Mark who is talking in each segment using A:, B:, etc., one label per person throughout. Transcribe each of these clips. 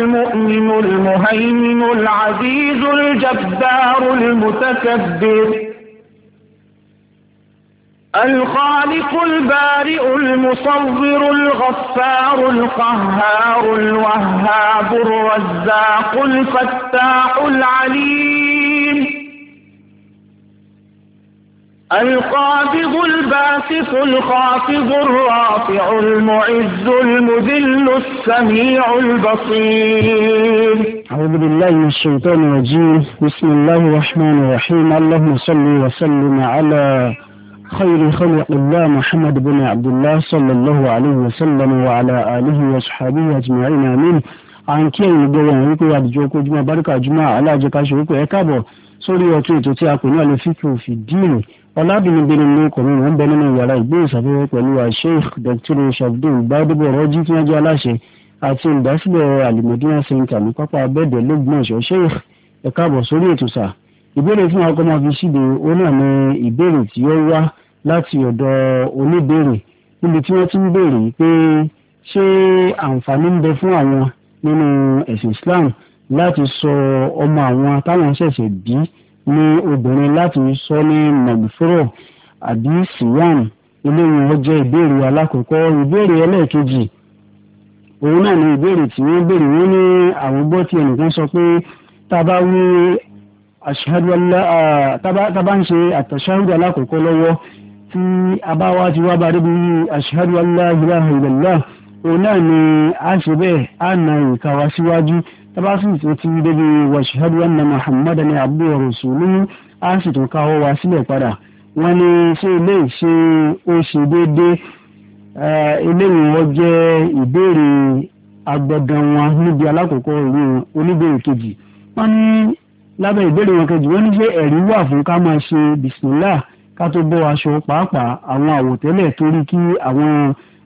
A: المؤمن المهيمن العزيز الجبار المتكبر الخالق البارئ المصور الغفار القهار الوهاب الرزاق الفتاح العليم القابض الباسط الخافض الرافع المعز المذل السميع البصير أعوذ بالله من الشيطان الرجيم بسم الله الرحمن الرحيم اللهم صل وسلم على خير خلق الله محمد بن عبد الله صلى الله عليه وسلم وعلى آله وصحبه أجمعين آمين à ń kí ẹ̀yin gbẹ̀rẹ̀ ẹ̀yin pé àdìjọ kó jùmọ̀ báríkà jùmọ̀ aláàjẹká ṣòro pé ẹ káàbọ̀ sórí ọtún ètò tí a kò ní àlè fífi òfin díìnì ọ̀làdìyàn bẹ̀rẹ̀ ló kọ̀ mí wọ́n bẹ nínú yàrá ìgbóhùnsáfẹ́fẹ́ pẹ̀lú Sheikh Dr. shabdun gbadebo rọ́jí tí wọ́n jẹ́ aláṣẹ àti olùdásílẹ̀ alimọ̀dúnrún center ní pápá abẹ́ẹ̀dẹ̀ lọ́gbọ̀nsọ̀ Sheikh ẹ káàbọ̀ sórí ètò sà ìbéèrè fún akọ́ máa fi síde ó náà ní ìbéèrè tí ó wá láti ọ̀dọ̀ oníbèrè níbi tí wọ́n ti ń béèrè pé ṣé àǹfààní ń bẹ fún àwọn nínú ẹ̀sìn Islam láti sọ ọmọ àwọn táwọn ṣẹ̀ṣẹ̀ bí ní obìnrin láti sọ ní magbufuro àbí siyan eléyìí wọ́n jẹ́ ìbéèrè alákọ̀ọ́kọ́ ìbéèrè ẹlẹ́ẹ̀kejì òun náà ni ìbéèrè tí wọ́n béèrè wọ́n ní àwọn gbọ́ tí ẹnìkan sọ pé tá a bá wí tábà ń ṣe àtàṣáhùdù alákọ̀ọ́kọ́ lọ́wọ́ tí a bá wá ti wá bá débi ashhadu an la ilaha illallah òun náà ni a ṣe bẹ́ẹ̀ a na ìka wa síwájú tábàsì tó ti débi wàṣíhádù wa nà muhammad ní abdul rasuluhu a sì tún káwọ́ wa sílẹ̀ padà wọ́n ní ṣé ilé ìṣe ó ṣe déédéé eléyìí wọ́n jẹ́ ìbéèrè agbọ̀dàn wọn níbi alákòókò keji oníbèrè kejì wọ́n ní lábẹ́ ìbéèrè wọn kejì wọ́n ní ṣé ẹ̀rí wà fún ká máa ṣe bisimilá ká tó bọ́ aṣọ pàápàá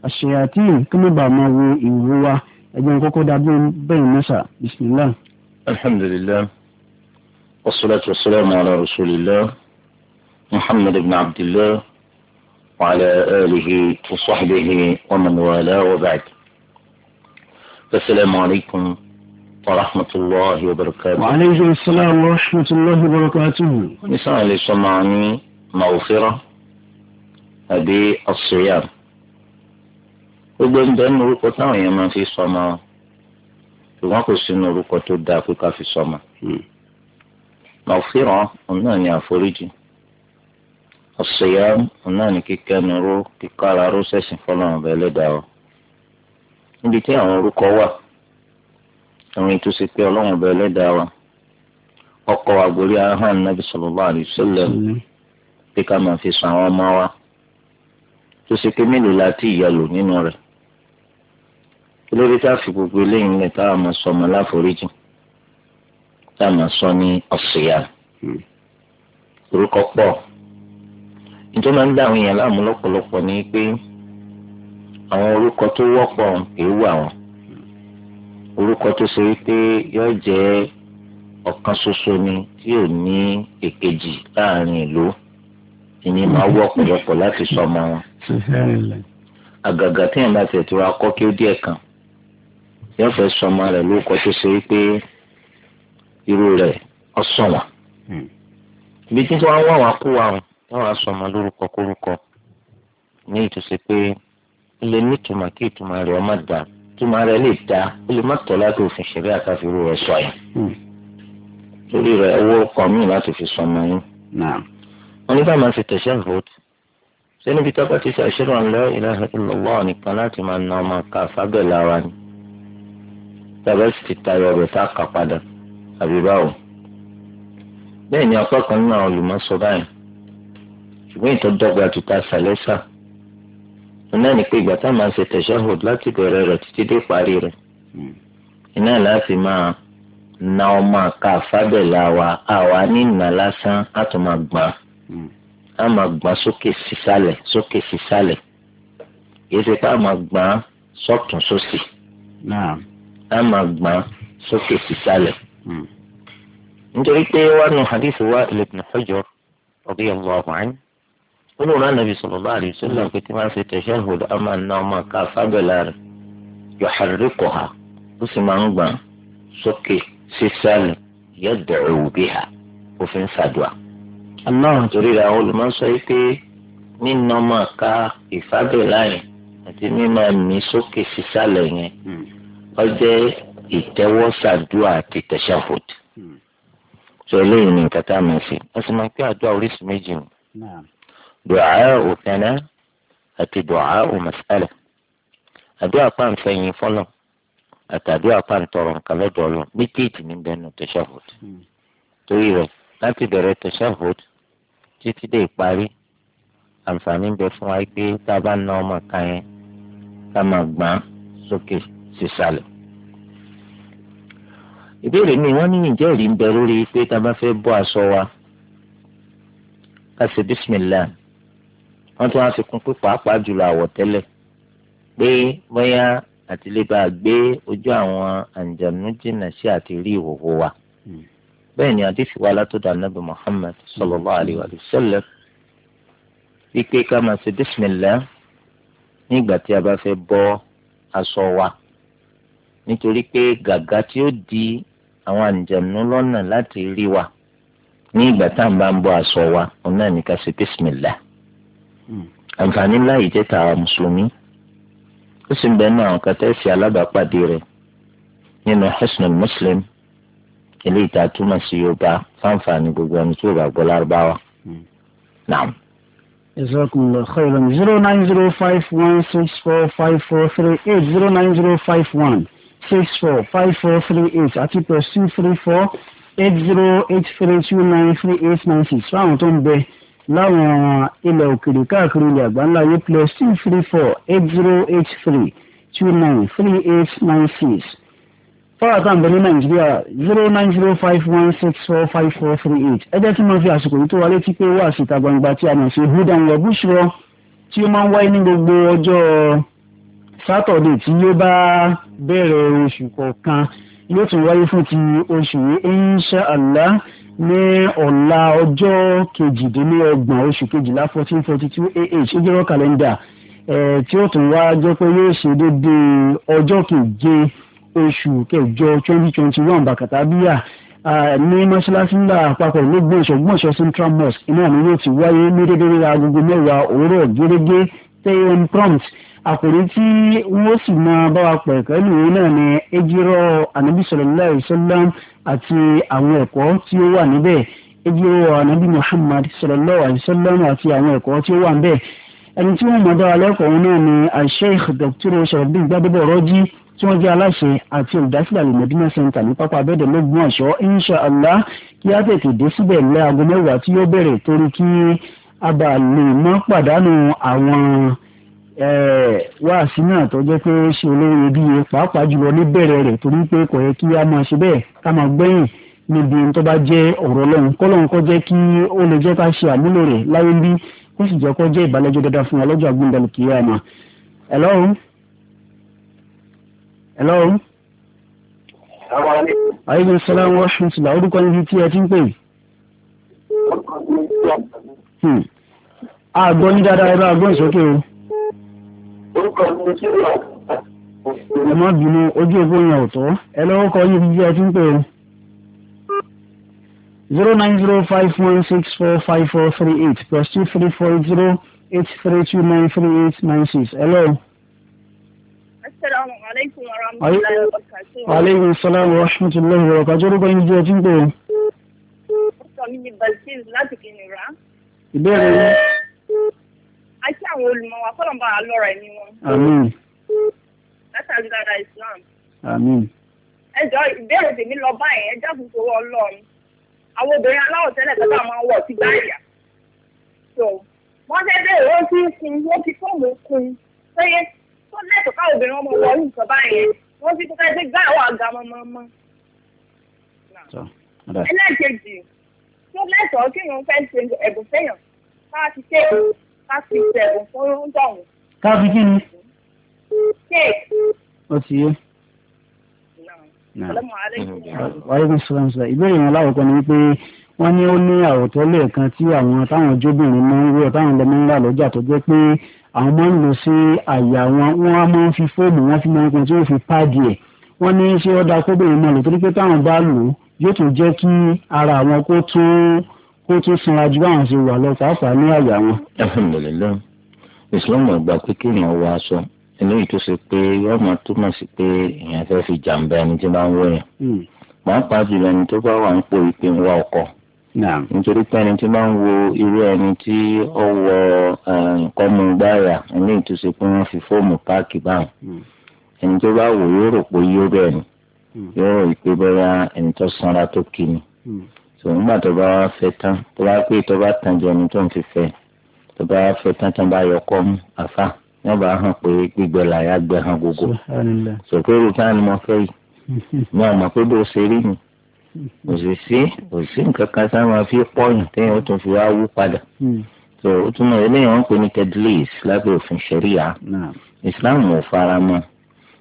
A: الشياطين كما بعمر إيوا أجن كوكو دابين بين مسا بسم الله
B: الحمد لله والصلاة والسلام على رسول الله محمد بن عبد الله وعلى آله وصحبه ومن والاه وبعد السلام عليكم ورحمة الله وبركاته وعليكم
A: السلام ورحمة الله وبركاته
B: نسأل سمعني مغفرة أبي الصيام gbogbo ń bẹ ní orúkọ táwọn èèyàn máa fi sọmọ ṣùgbọ́n kò sínú orúkọ tó dáa pé ká fi sọmọ. mọ̀fíràn hmm. òun náà ni àforíjì ọ̀sẹ̀yà òun náà ni kíkẹ́nuró kíkára ró sẹ̀sìn fọlọ́run bẹ́ẹ̀ lẹ́dàá o. níbi tí àwọn orúkọ wà àwọn ètò sí pé ọlọ́run bẹ́ẹ̀ lẹ́dàá wa ọkọ̀ àgbórí ahọ́n nàbí sallallahu alaihi hmm. pé ká máa fi sọ àwọn ọmọ wa tó sì pé mélòó la ti ìyàlò nínú rẹ̀ lórí tá a fi gbogbo eléyìí ńlẹ̀ tá a máa sọ ọmọ láforíjì tá a máa sọ ní ọ̀sìyà hmm. orúkọ pọ̀ nítorí máa ń dá àwọn èèyàn láàmú lọ́pọ̀lọpọ̀ ní pé àwọn orúkọ tó wọ́pọ̀ èéwù àwọn orúkọ tó ṣe wípé yóò jẹ́ ọ̀kan ṣoṣo ni tí ò ní èkejì láàrin ìlú ìní máa wọ́ ọ̀pọ̀lọpọ̀ láti sọ ọmọ wọn àgàgà tí yẹn bá tẹ̀ tó ra díẹ̀ kan yóò fẹ́ sọmọ rẹ̀ lóko tó ṣe wípé irú rẹ̀ ọ̀sọ̀wọ̀n. Hmm. ibi tí wọ́n wá wá kú wa o táwọn sọmọ lórúkọ kórúkọ ní ìtúsí pé ó lè ní ìtumọ̀ kí ìtumọ̀ rẹ̀ ọmọ dà ìtumọ̀ rẹ̀ lè dá ó lè má tọ́ láti òfin ṣẹ̀rí àtàfírú rẹ̀ sọ yìí. torí hmm. rẹ̀ owó kan míì láti fi sọmọ yín. wọ́n ní báwọn fi tẹ̀sẹ̀ vote sẹ́ni bí tọ́pẹ́ ti ṣe ọ̀nlẹ́ ìlànà ìlọ́wọ́ nìkan láti máa na ọmọ kà fábẹ́ lára ni. tàbá sì ti tayọ rẹ̀ tá a kà padà kan nínú àwọn olùmọ̀sọ báyìí ṣùgbọ́n náà ni pé ìgbà tá a máa ń ṣe láti bẹ̀rẹ̀ rẹ̀ títí dé na ọmọ àka àfábẹ́lẹ̀ àwa àwa ní ìnà lásán á tún máa gbà á máa gbà sókè sísàlẹ̀ sókè sísàlẹ̀ kì máa á máa gbọ́n sókè sísàlẹ̀. Hmm. nítorí pé wọn nu hadith Wa'il ibn Hujr radiyallahu anhu olùrán nàbì sallallahu alaihi wasallam pé tí wọ́n ṣe tashahhud á máa ná ọmọ ká fábẹ́lá rẹ̀ yuharrikuha ó sì máa ń gbọ́n sókè sísàlẹ̀ yad'u biha òfin ṣàdùà. aláwọn torí ra olùmọ̀sọ yìí pé nínú ọmọ ká ìfábẹ́lá yẹn àti mímọ̀ mi sókè sísàlẹ̀ yẹn hmm ọjọ́ ìtẹ́wọ́sàdúrà àti tẹ̀sàfòdì. Hmm. sọ eléyìí ní nǹkan tá a máa ṣe wọ́n sì máa pé àdúrà oríṣi méjì ni. dùá òkànnà àti dùá òmàsálà. àdúrà pàǹfẹ̀yìn fọ́lọ̀ àtàdúrà pàǹtọ̀rọ̀ nǹkan lọ́dọ̀ ọlọ́ méjèèjì ní bẹ́ẹ̀nu tẹ̀sàfòdì. torí rẹ̀ láti bẹ̀rẹ̀ tẹ̀sàfòdì títí dé ìparí àǹfààní ń bẹ fún wa pé tá a bá ná ọmọ kan yẹn ká máa gbà á sókè sí sálẹ̀. ìbéèrè mi wọ́n ní ìjẹ́ ìrì ń bẹ lórí pé tá a bá fẹ́ bọ́ aṣọ wa ká ṣe bísímìlá wọ́n tún wá fi kún pé pàápàá jùlọ àwọ̀tẹ́lẹ̀ pé bóyá àti lè bá a gbé ojú àwọn àǹjànú jìnnà sí àti rí ìhòòhò wa. Hmm. bẹ́ẹ̀ ni àdìsí wa látọ̀dọ̀ anábì Muhammad sallallahu alaihi wa sallam wípé ká máa ṣe bísímìlá nígbà tí a bá fẹ́ bọ́ aṣọ wa nítorí pé gàgà tí ó di àwọn àǹjẹ̀nú lọ́nà láti rí wa ní ìgbà tá à ń bá ń bọ́ aṣọ wa òun náà ní ká ṣe bísímìlà. àǹfààní ńlá yìí jẹ́ tàwa mùsùlùmí ó sì ń bẹ ní àwọn kẹtẹ́sì alábàápàdé rẹ̀ nínú husnul muslim ilé ìta túmọ̀ sí yorùbá fáǹfààní gbogbo ẹni tí yóò bá gbọ́ lárúbáwá.
A: naam. Jazakumullah khairan zero nine zero five one six four five four three eight zero nine zero five one six four five four three eight àti plus two three four eight zero eight three two nine three eight nine six fáwọn tó ń bẹ láwọn ilẹ̀ òkèèrè káàkiri ilẹ̀ àgbáńlá yìí plus two three four eight zero eight three two nine three eight nine six fọ́nrán kan bẹ̀rẹ̀ nàìjíríà zero nine zero five one six four five four three eight ẹ jẹ́ tí mo fi àsìkò yìí tó wa létí pé wá síta gbangba tí a mọ̀ sí húdà ń lọ búṣọ tí ó máa ń wáyé ní gbogbo ọjọ́ sátọ̀dé tí yóò bá bẹ̀rẹ̀ oṣù kọ̀ọ̀kan yóò tún wáyé fún ti oṣù insha allah ní ọ̀la ọjọ́ kejìdínlọ́gbọ̀n oṣù kejìlá fourteen forty two ah ìjírọ̀ kàlẹ́ndà tí ó tún wá jẹ́ pé yóò ṣe déédéé ọjọ́ keje oṣù kẹjọ twenty twenty one bàkàtàbíyà ní mọ́ṣáláṣí ńlá àpapọ̀ lóògbé ìṣọ̀gbọ́nṣọ́ central mosque iná ni yóò ti wáyé ní déédéé agogo mẹ́wàá òwúrọ̀ gẹ́gẹ́ ten prompt àkòrí tí wọ́n sì máa bá wa pẹ̀ pẹ̀lú òun náà ni ejirọ́ anabi sallallahu alaihi wasallam àti àwọn ẹ̀kọ́ tí ó wà níbẹ̀ ejirọ́ anabi muhammad sallallahu alaihi wasallam àti àwọn ẹ̀kọ́ tí ó wà níbẹ̀ ẹni tí wọ́n mọ̀ dá wa lẹ́kọ̀ọ́ òun náà ni al dr sharafdin gbadebo rọ́jí tí wọ́n jẹ́ aláṣẹ àti olùdásílẹ̀ alimọ̀dínà center ní pápá abẹ́dẹ̀ lọ́gbọ́n ọ̀ṣọ́ inshàlá kí á tètè dé síbẹ̀ lẹ́ aago mẹ́wàá tí yóò bẹ̀rẹ̀ torí kí a má pàdánù àwọn wáàsí náà tó jẹ́ pé ó ṣe olówó iyebíye pàápàá jùlọ ní bẹ̀rẹ̀ rẹ̀ torí pé kò yẹ kí a máa ṣe bẹ́ẹ̀ ká máa gbẹ̀yìn níbi tó bá jẹ́ ọ̀rọ̀ ọlọ́run kọ́lọ́run kọ́ jẹ́ kí ó lè jẹ́ ká ṣe àmúlò rẹ̀ láyé bí ó sì jẹ́ kó jẹ́ ìbálẹ́jọ́ dáadáa fún wa lọ́jọ́ àgbéǹdàlù kìí àmà. hello hello. aleykum salaam wa rahmatulah orúkọ níbi tí ẹ ti ń pè. àgbọ̀n hmm. ní dáadáa ẹ bá àgbọ̀n ìsókè o orúkọ mi ti wà. ẹ má bínú ojú òpó yẹn ò tó ẹ lọ́wọ́ kọ yín bí ẹ ti ń pè o. zero nine zero five one six four five four three eight plus two three four zero eight three two nine three eight nine six. hello. asalaamualeykum wa rahmatulahi wa barakatuh. aleykum salaam wa rahmatulahi wa barakatuh. orúkọ yín bí ẹ ti ń pè o. orúkọ mi ni balkis láti kìnìún rà. ìbéèrè yín àti àwọn olùmọ̀ wa kọ́lọ̀ bá lọ́ra ẹ̀mí wọn. àmín. látàrí dada islam. àmín. ẹ jọ ìbéèrè tèmi lọ báyìí ẹ jáfun sọwọ́ ọlọ́run àwọn obìnrin aláwọ̀ tẹ́lẹ̀ tẹ́lẹ̀ máa ń wọ̀ sí gbáyà. so wọ́n fẹ́ bẹ́ẹ̀ ó ti ń kun wọ́n fi fóònù kun péye tó lẹ́tọ̀ọ́ káwọn obìnrin ọmọ wọ̀ nǹkan báyìí wọ́n fi kúkẹ́ sí gbáyà wà ga mọ́mọ́mọ́. ẹlẹ́kejì tó lẹ́tọ̀ọ́ kí wọ́n fẹ́ ṣe ẹ̀bùn fẹ́yàn ká ti ṣe é káfí sẹ̀gùn fún oúnjẹ káfí kí ni. kéèkì. ó ti yé. wàhálà sọ̀rọ̀ sọ̀rọ̀ ìbéèrè wọn láwùjọ ni wípé wọ́n ní ó ní àwòtẹ́lẹ̀ kan tí àwọn táwọn jóbìnrin máa ń wọ̀ táwọn lọ́mọ ń rà lọ́jà tó jẹ́ pé àwọn máa ń lọ sí àyà wọn wọ́n á máa ń fi fóònù wọn fi máa ń pọn tí wọ́n fi páàdì ẹ̀ wọ́n ní ṣé ọ̀dà kóbìnrin máa lò torí pé táwọn bá lò yóò tún jẹ́ kí ara àwọn kó tún kó tún sanra ju báwọn ṣe wà lọ fàáfàá ní àyà wọn.
B: alhamdulilayi
A: islam ọgbà pé kí èèyàn
B: wọ aṣọ eléyìí tó ṣe pé yóò máa túmọ̀ sí pé èèyàn fẹ́ fi jàǹbá ẹni tí máa ń wọ̀yàn. Hmm. pàápàá jùlọ ẹni tó bá wà ń pò ìpè ń wá ọkọ. nítorí pé ẹni tí máa ń wo irú ẹni tí ó wọ nǹkan mú gbáyà eléyìí tó ṣe pé wọ́n fi fóòmù páàkì báwọn. Hmm. ẹni tó bá wò yóò rò pé yóò bẹ́ẹ̀ ni hmm. yóò rò pé bẹ́ẹ̀ ẹni tó sanra tó kí ni sòun gbà tó bá wá fẹ́ tán tó bá pé tó bá tàn jẹ ẹni tó ń fi fẹ́ tó bá wá fẹ́ tán tán bá yọ kọ́ mú àfa wọ́n bá hàn pé gbígbẹ làyà gbẹ hàn gbogbo sòkèrè táwọn ni mo fẹ́ yìí mo àmọ̀ pé bó ṣe rí ni kò sì nǹkan kan sáà máa fi pọ́yìn téèyàn ó tún fi wá wú padà tó hmm. o túmọ̀ eléyàn ń pè ní tedlis lábẹ́ òfin ṣẹ̀ríyà Islam ò fara mọ́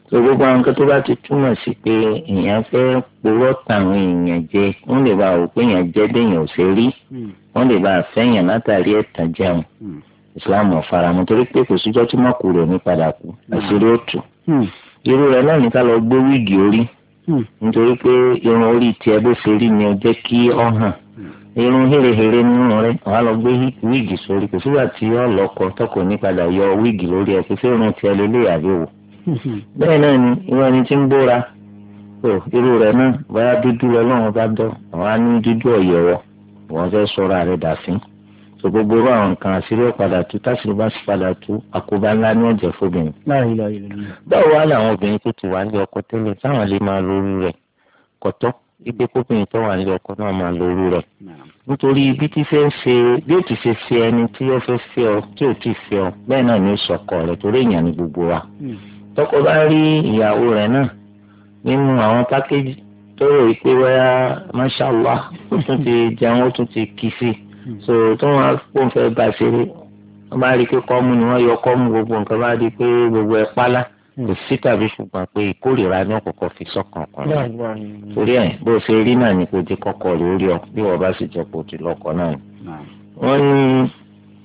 B: tó gbogbo àwọn kan tó bá ti túmọ̀ sí pé èèyàn fẹ́ purọ́ tàwọn èèyàn jẹ wọ́n lè bá òpin èèyàn jẹ́ déèyàn ò ṣe rí hmm. wọ́n lè bá fẹ́yàn látàrí ẹ̀tàn jẹun hmm. islam ọ̀faramọ́ torí pé kò síjọ́ tí rẹ̀ ní padà kú hmm. àṣírí irú rẹ̀ náà ní ká lọ gbé wíìgì orí nítorí pé irun orí tiẹ̀ ọ hàn irun hérehère nínú lọ gbé wíìgì sórí kò tí ọ tọkọ ní padà yọ wíìgì lórí lélẹ́yàwó
A: bẹ́ẹ̀
B: náà ni irú ẹni tí ń bóra tó irú rẹ̀ náà báyà dúdú lọ́lọ́run bá dọ́ àwọn á ní dúdú ọ̀yẹ̀wọ̀ wọ́n fẹ́ sọ̀rọ̀ àrẹ dàfín tó gbogbo irú àwọn nǹkan àṣírí ọ̀padà tú táṣírí bá padà tú àkóbá ńlá ní ọ̀jẹ̀ fóbìnrin. báwo wá làwọn obìnrin tó ti wà ní ọkọ tẹ́lẹ̀ táwọn lè máa lórí rẹ̀ kọ̀tọ́ ibi kóbìnrin tó wà ní ọkọ náà máa lórí rẹ̀ nítorí ibi tí fẹ́ ṣe bí ó ti ṣe ṣe ẹni tí ó fẹ́ fẹ́ ọ tí ó ti fẹ́ ọ bẹ́ẹ̀ náà ni ó sọkọ rẹ̀ torí èèyàn ni gbogbo wa. Hmm tọkọ bá rí ìyàwó rẹ̀ náà nínú àwọn pákéjì tó rò pé wáyà mashallah ó tún ti jẹun ó tún ti kì sí so tó wọn kó n fẹ́ bá ṣeré wọn bá rí i pé kọ́mú ni wọ́n yọ kọ́mú gbogbo nǹkan bá rí i pé gbogbo ẹ̀ pálá kò sí tàbí ṣùgbọ́n pé ìkórìíra ní ọ̀kọ̀ọ̀kan fi sọ́kàn kan náà torí ẹ̀ bó ṣe rí náà ni kò di kọ́kọ́ rí orí ọ bí wọ́n bá sì jẹ́ kó ti lọ́kọ̀ náà ni. wọ́n ní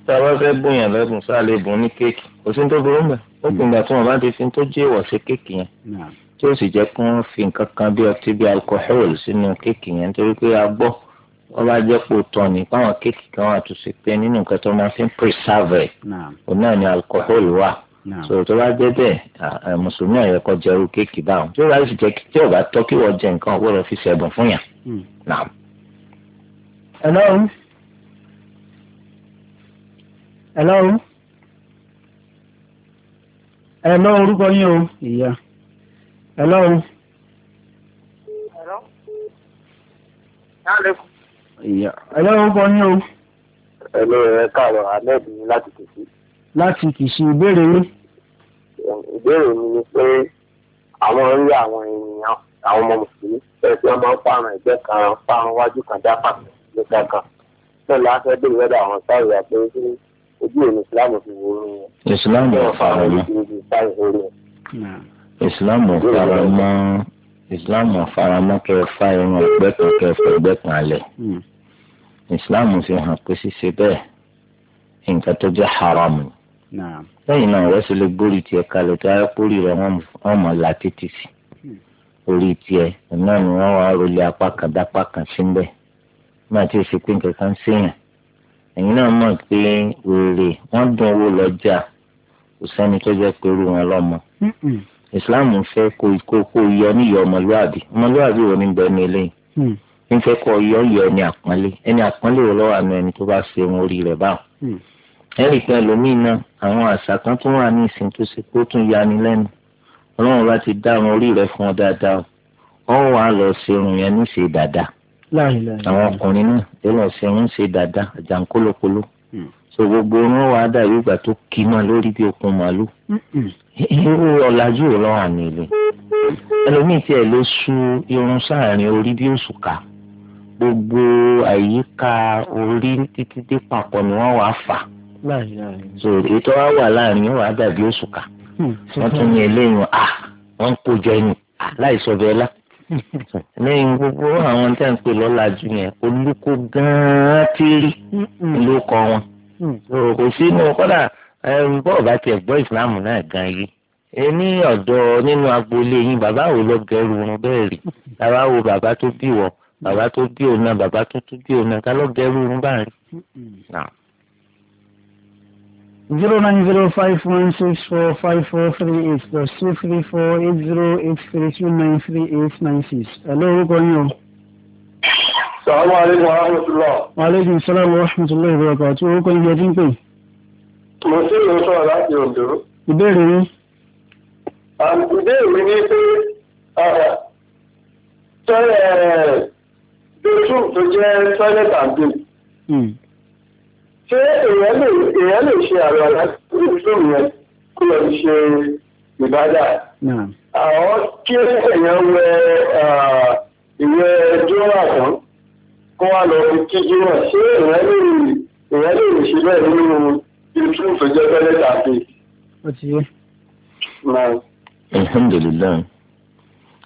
B: tí fẹ́ bóyá lẹ́bùn sáà lè bùn ní kéèkì kò sí ní tó burú mẹ́rin ó kùn ìgbà tí wọn bá ti fi tó jẹ́ ìwọ̀sẹ̀ kéèkì yẹn tí ó sì jẹ́ kí wọ́n fi nǹkan kan bí ọtí bí alcohol sínú kéèkì yẹn nítorí pé a gbọ́ wọ́n bá jẹ́ pò tán ní páwọn kéèkì kan wà tó ṣe pé nínú nǹkan tó máa fi ń preserve òun náà ni alcohol wà sọ̀rọ̀ tó bá jẹ́ bẹ́ẹ̀ mùsùlùmí àyẹ̀kọ́ jẹ́rú kéèkì báwọn tí ó bá sì jẹ́ tí ò bá tọ́ kí wọ́n jẹ nǹkan ọgbọ́dọ̀ fi ṣẹ̀bùn fún yàn.
A: Hmm. Hello. Hello ẹ lọ orúkọ yín o ìyá ẹ lọ o. ìyá ẹ lọ orúkọ yín o. ẹ lọ ẹ káàárọ̀ ahmed ní láti kìsì. láti kìsì ìbéèrè yín. ìbéèrè mi ni pé àwọn orí àwọn ènìyàn àwọn ọmọ mùsùlùmí ẹ fi ọmọ fáwọn ẹgbẹ́ kan fáwọn wájú kan jápà nígbà kan. bẹ́ẹ̀ ni a fẹ́ bèrè àwọn sáyẹ̀wá pé kí ojú òní islam fi wò ó yẹn.
B: islam ò fara mọ́ islam ò fara mọ́ islam ò fara mọ́ kẹ́ ẹ fa irun ẹgbẹ́ kan kẹ́ ẹ fẹ́ kan alẹ̀ islam hmm. fi hàn pé ṣíṣe bẹ́ẹ̀ nǹkan tó jẹ́ haram ni lẹ́yìn náà wọ́n sì lè gbórí tiẹ̀ kalẹ̀ tó ayé kórì rẹ̀ wọ́n mọ̀ la títì sí hmm. orí tiẹ̀ náà ni wọ́n wá rọlé apá kan dápá kan sí ń náà tí ì ṣe pé nǹkan kan ń ṣèyàn ẹ̀yin náà mọ̀ pé wèrè wọ́n dùn owó lọ́jà kò sẹ́ni tó jẹ́ pé irú wọn lọ́mọ. ìsìláàmù fẹ́ kó kó kó yọ níyọ ọmọlúwàbí ọmọlúwàbí wo ni bẹ́ẹ̀ ni eléyìí mm. ń fẹ́ kó yọ yọ ẹni àpọ́nlé ẹni àpọ́nlé wo lọ́wọ́ àánú ẹni tó bá ṣe wọn orí rẹ̀ báwọn. Mm. ẹnì kan ẹlòmíín náà àwọn àṣà kan tó wà ní ìsìn tó ṣe kó tún yani lẹ́nu ọlọ́run bá ti dá wọn orí rẹ̀ fún ọ dáadáa ọ
A: àwọn ọkùnrin
B: náà yóò lọ sí ẹ̀wọ̀n ṣe dáadáa àjàǹkólókóló hmm. so gbogbo wọn wàá dàbí ìgbà tó kí máa lórí bí okun màálù hmm, hmm. irú ọ̀làjú ò lọ́wọ́ àmì ìlú ẹlòmíì tiẹ̀ ló sú irun sáàrin orí bí òṣùká gbogbo àyíká orí títí dé papọ̀ ni wọ́n wàá fà so ètò wa wà láàrin wọn wàá dàbí òṣùká wọ́n tún ní eléyìí wọn ah, à wọ́n ń kó jọ ẹnu ah, láì sọ bẹ́ẹ̀ láti lẹ́yìn gbogbo àwọn tí a ń pè lọ́làjú yẹn olùkó gan-an ti rí ló kọ wọn mm. kò sínú kọ́dà bọ́ọ̀ bá tiẹ̀ gbọ́ ìsìláàmù náà gan yìí èmi ọ̀dọ́ nínú agboolé yín bàbá wo lọ gẹrù irun bẹ́ẹ̀ rí bàbá wo bàbá tó bí wọ bàbá tó bí òun náà bàbá tó tó bí òun náà ká lọ gẹrù irun báà rí
A: zero nine zero five one six four five four three eight plus two three four eight zero eight three two nine three eight nine six. Hello, orúkọ yín o. Sàlámù aleykum wa rahmatulah. Wa aleykum salaam wa rahmatulah ìbúrakà tí orúkọ yín ti ń pè. Mo ṣe ìlú sọ̀rọ̀ láti Oǹdó. Ìbéèrè mi. Ìbéèrè mi ni pé tẹ́lẹ̀ tó tún tó jẹ́ toilet and bill ṣé èèyàn lè èèyàn lè ṣe àrò àlá lórí fóònù yẹn kó lọ ṣe ìbádà. àwọn kí èèyàn wẹ ìwé jọwọ àtàn kó wá lọ fi kí jọwọ ṣé èèyàn lè èèyàn lè ṣe bẹ́ẹ̀ nínú ìtú ìfẹjọ tẹ́lẹ̀ tàbí. ó ti yé.
B: alhamdulilayi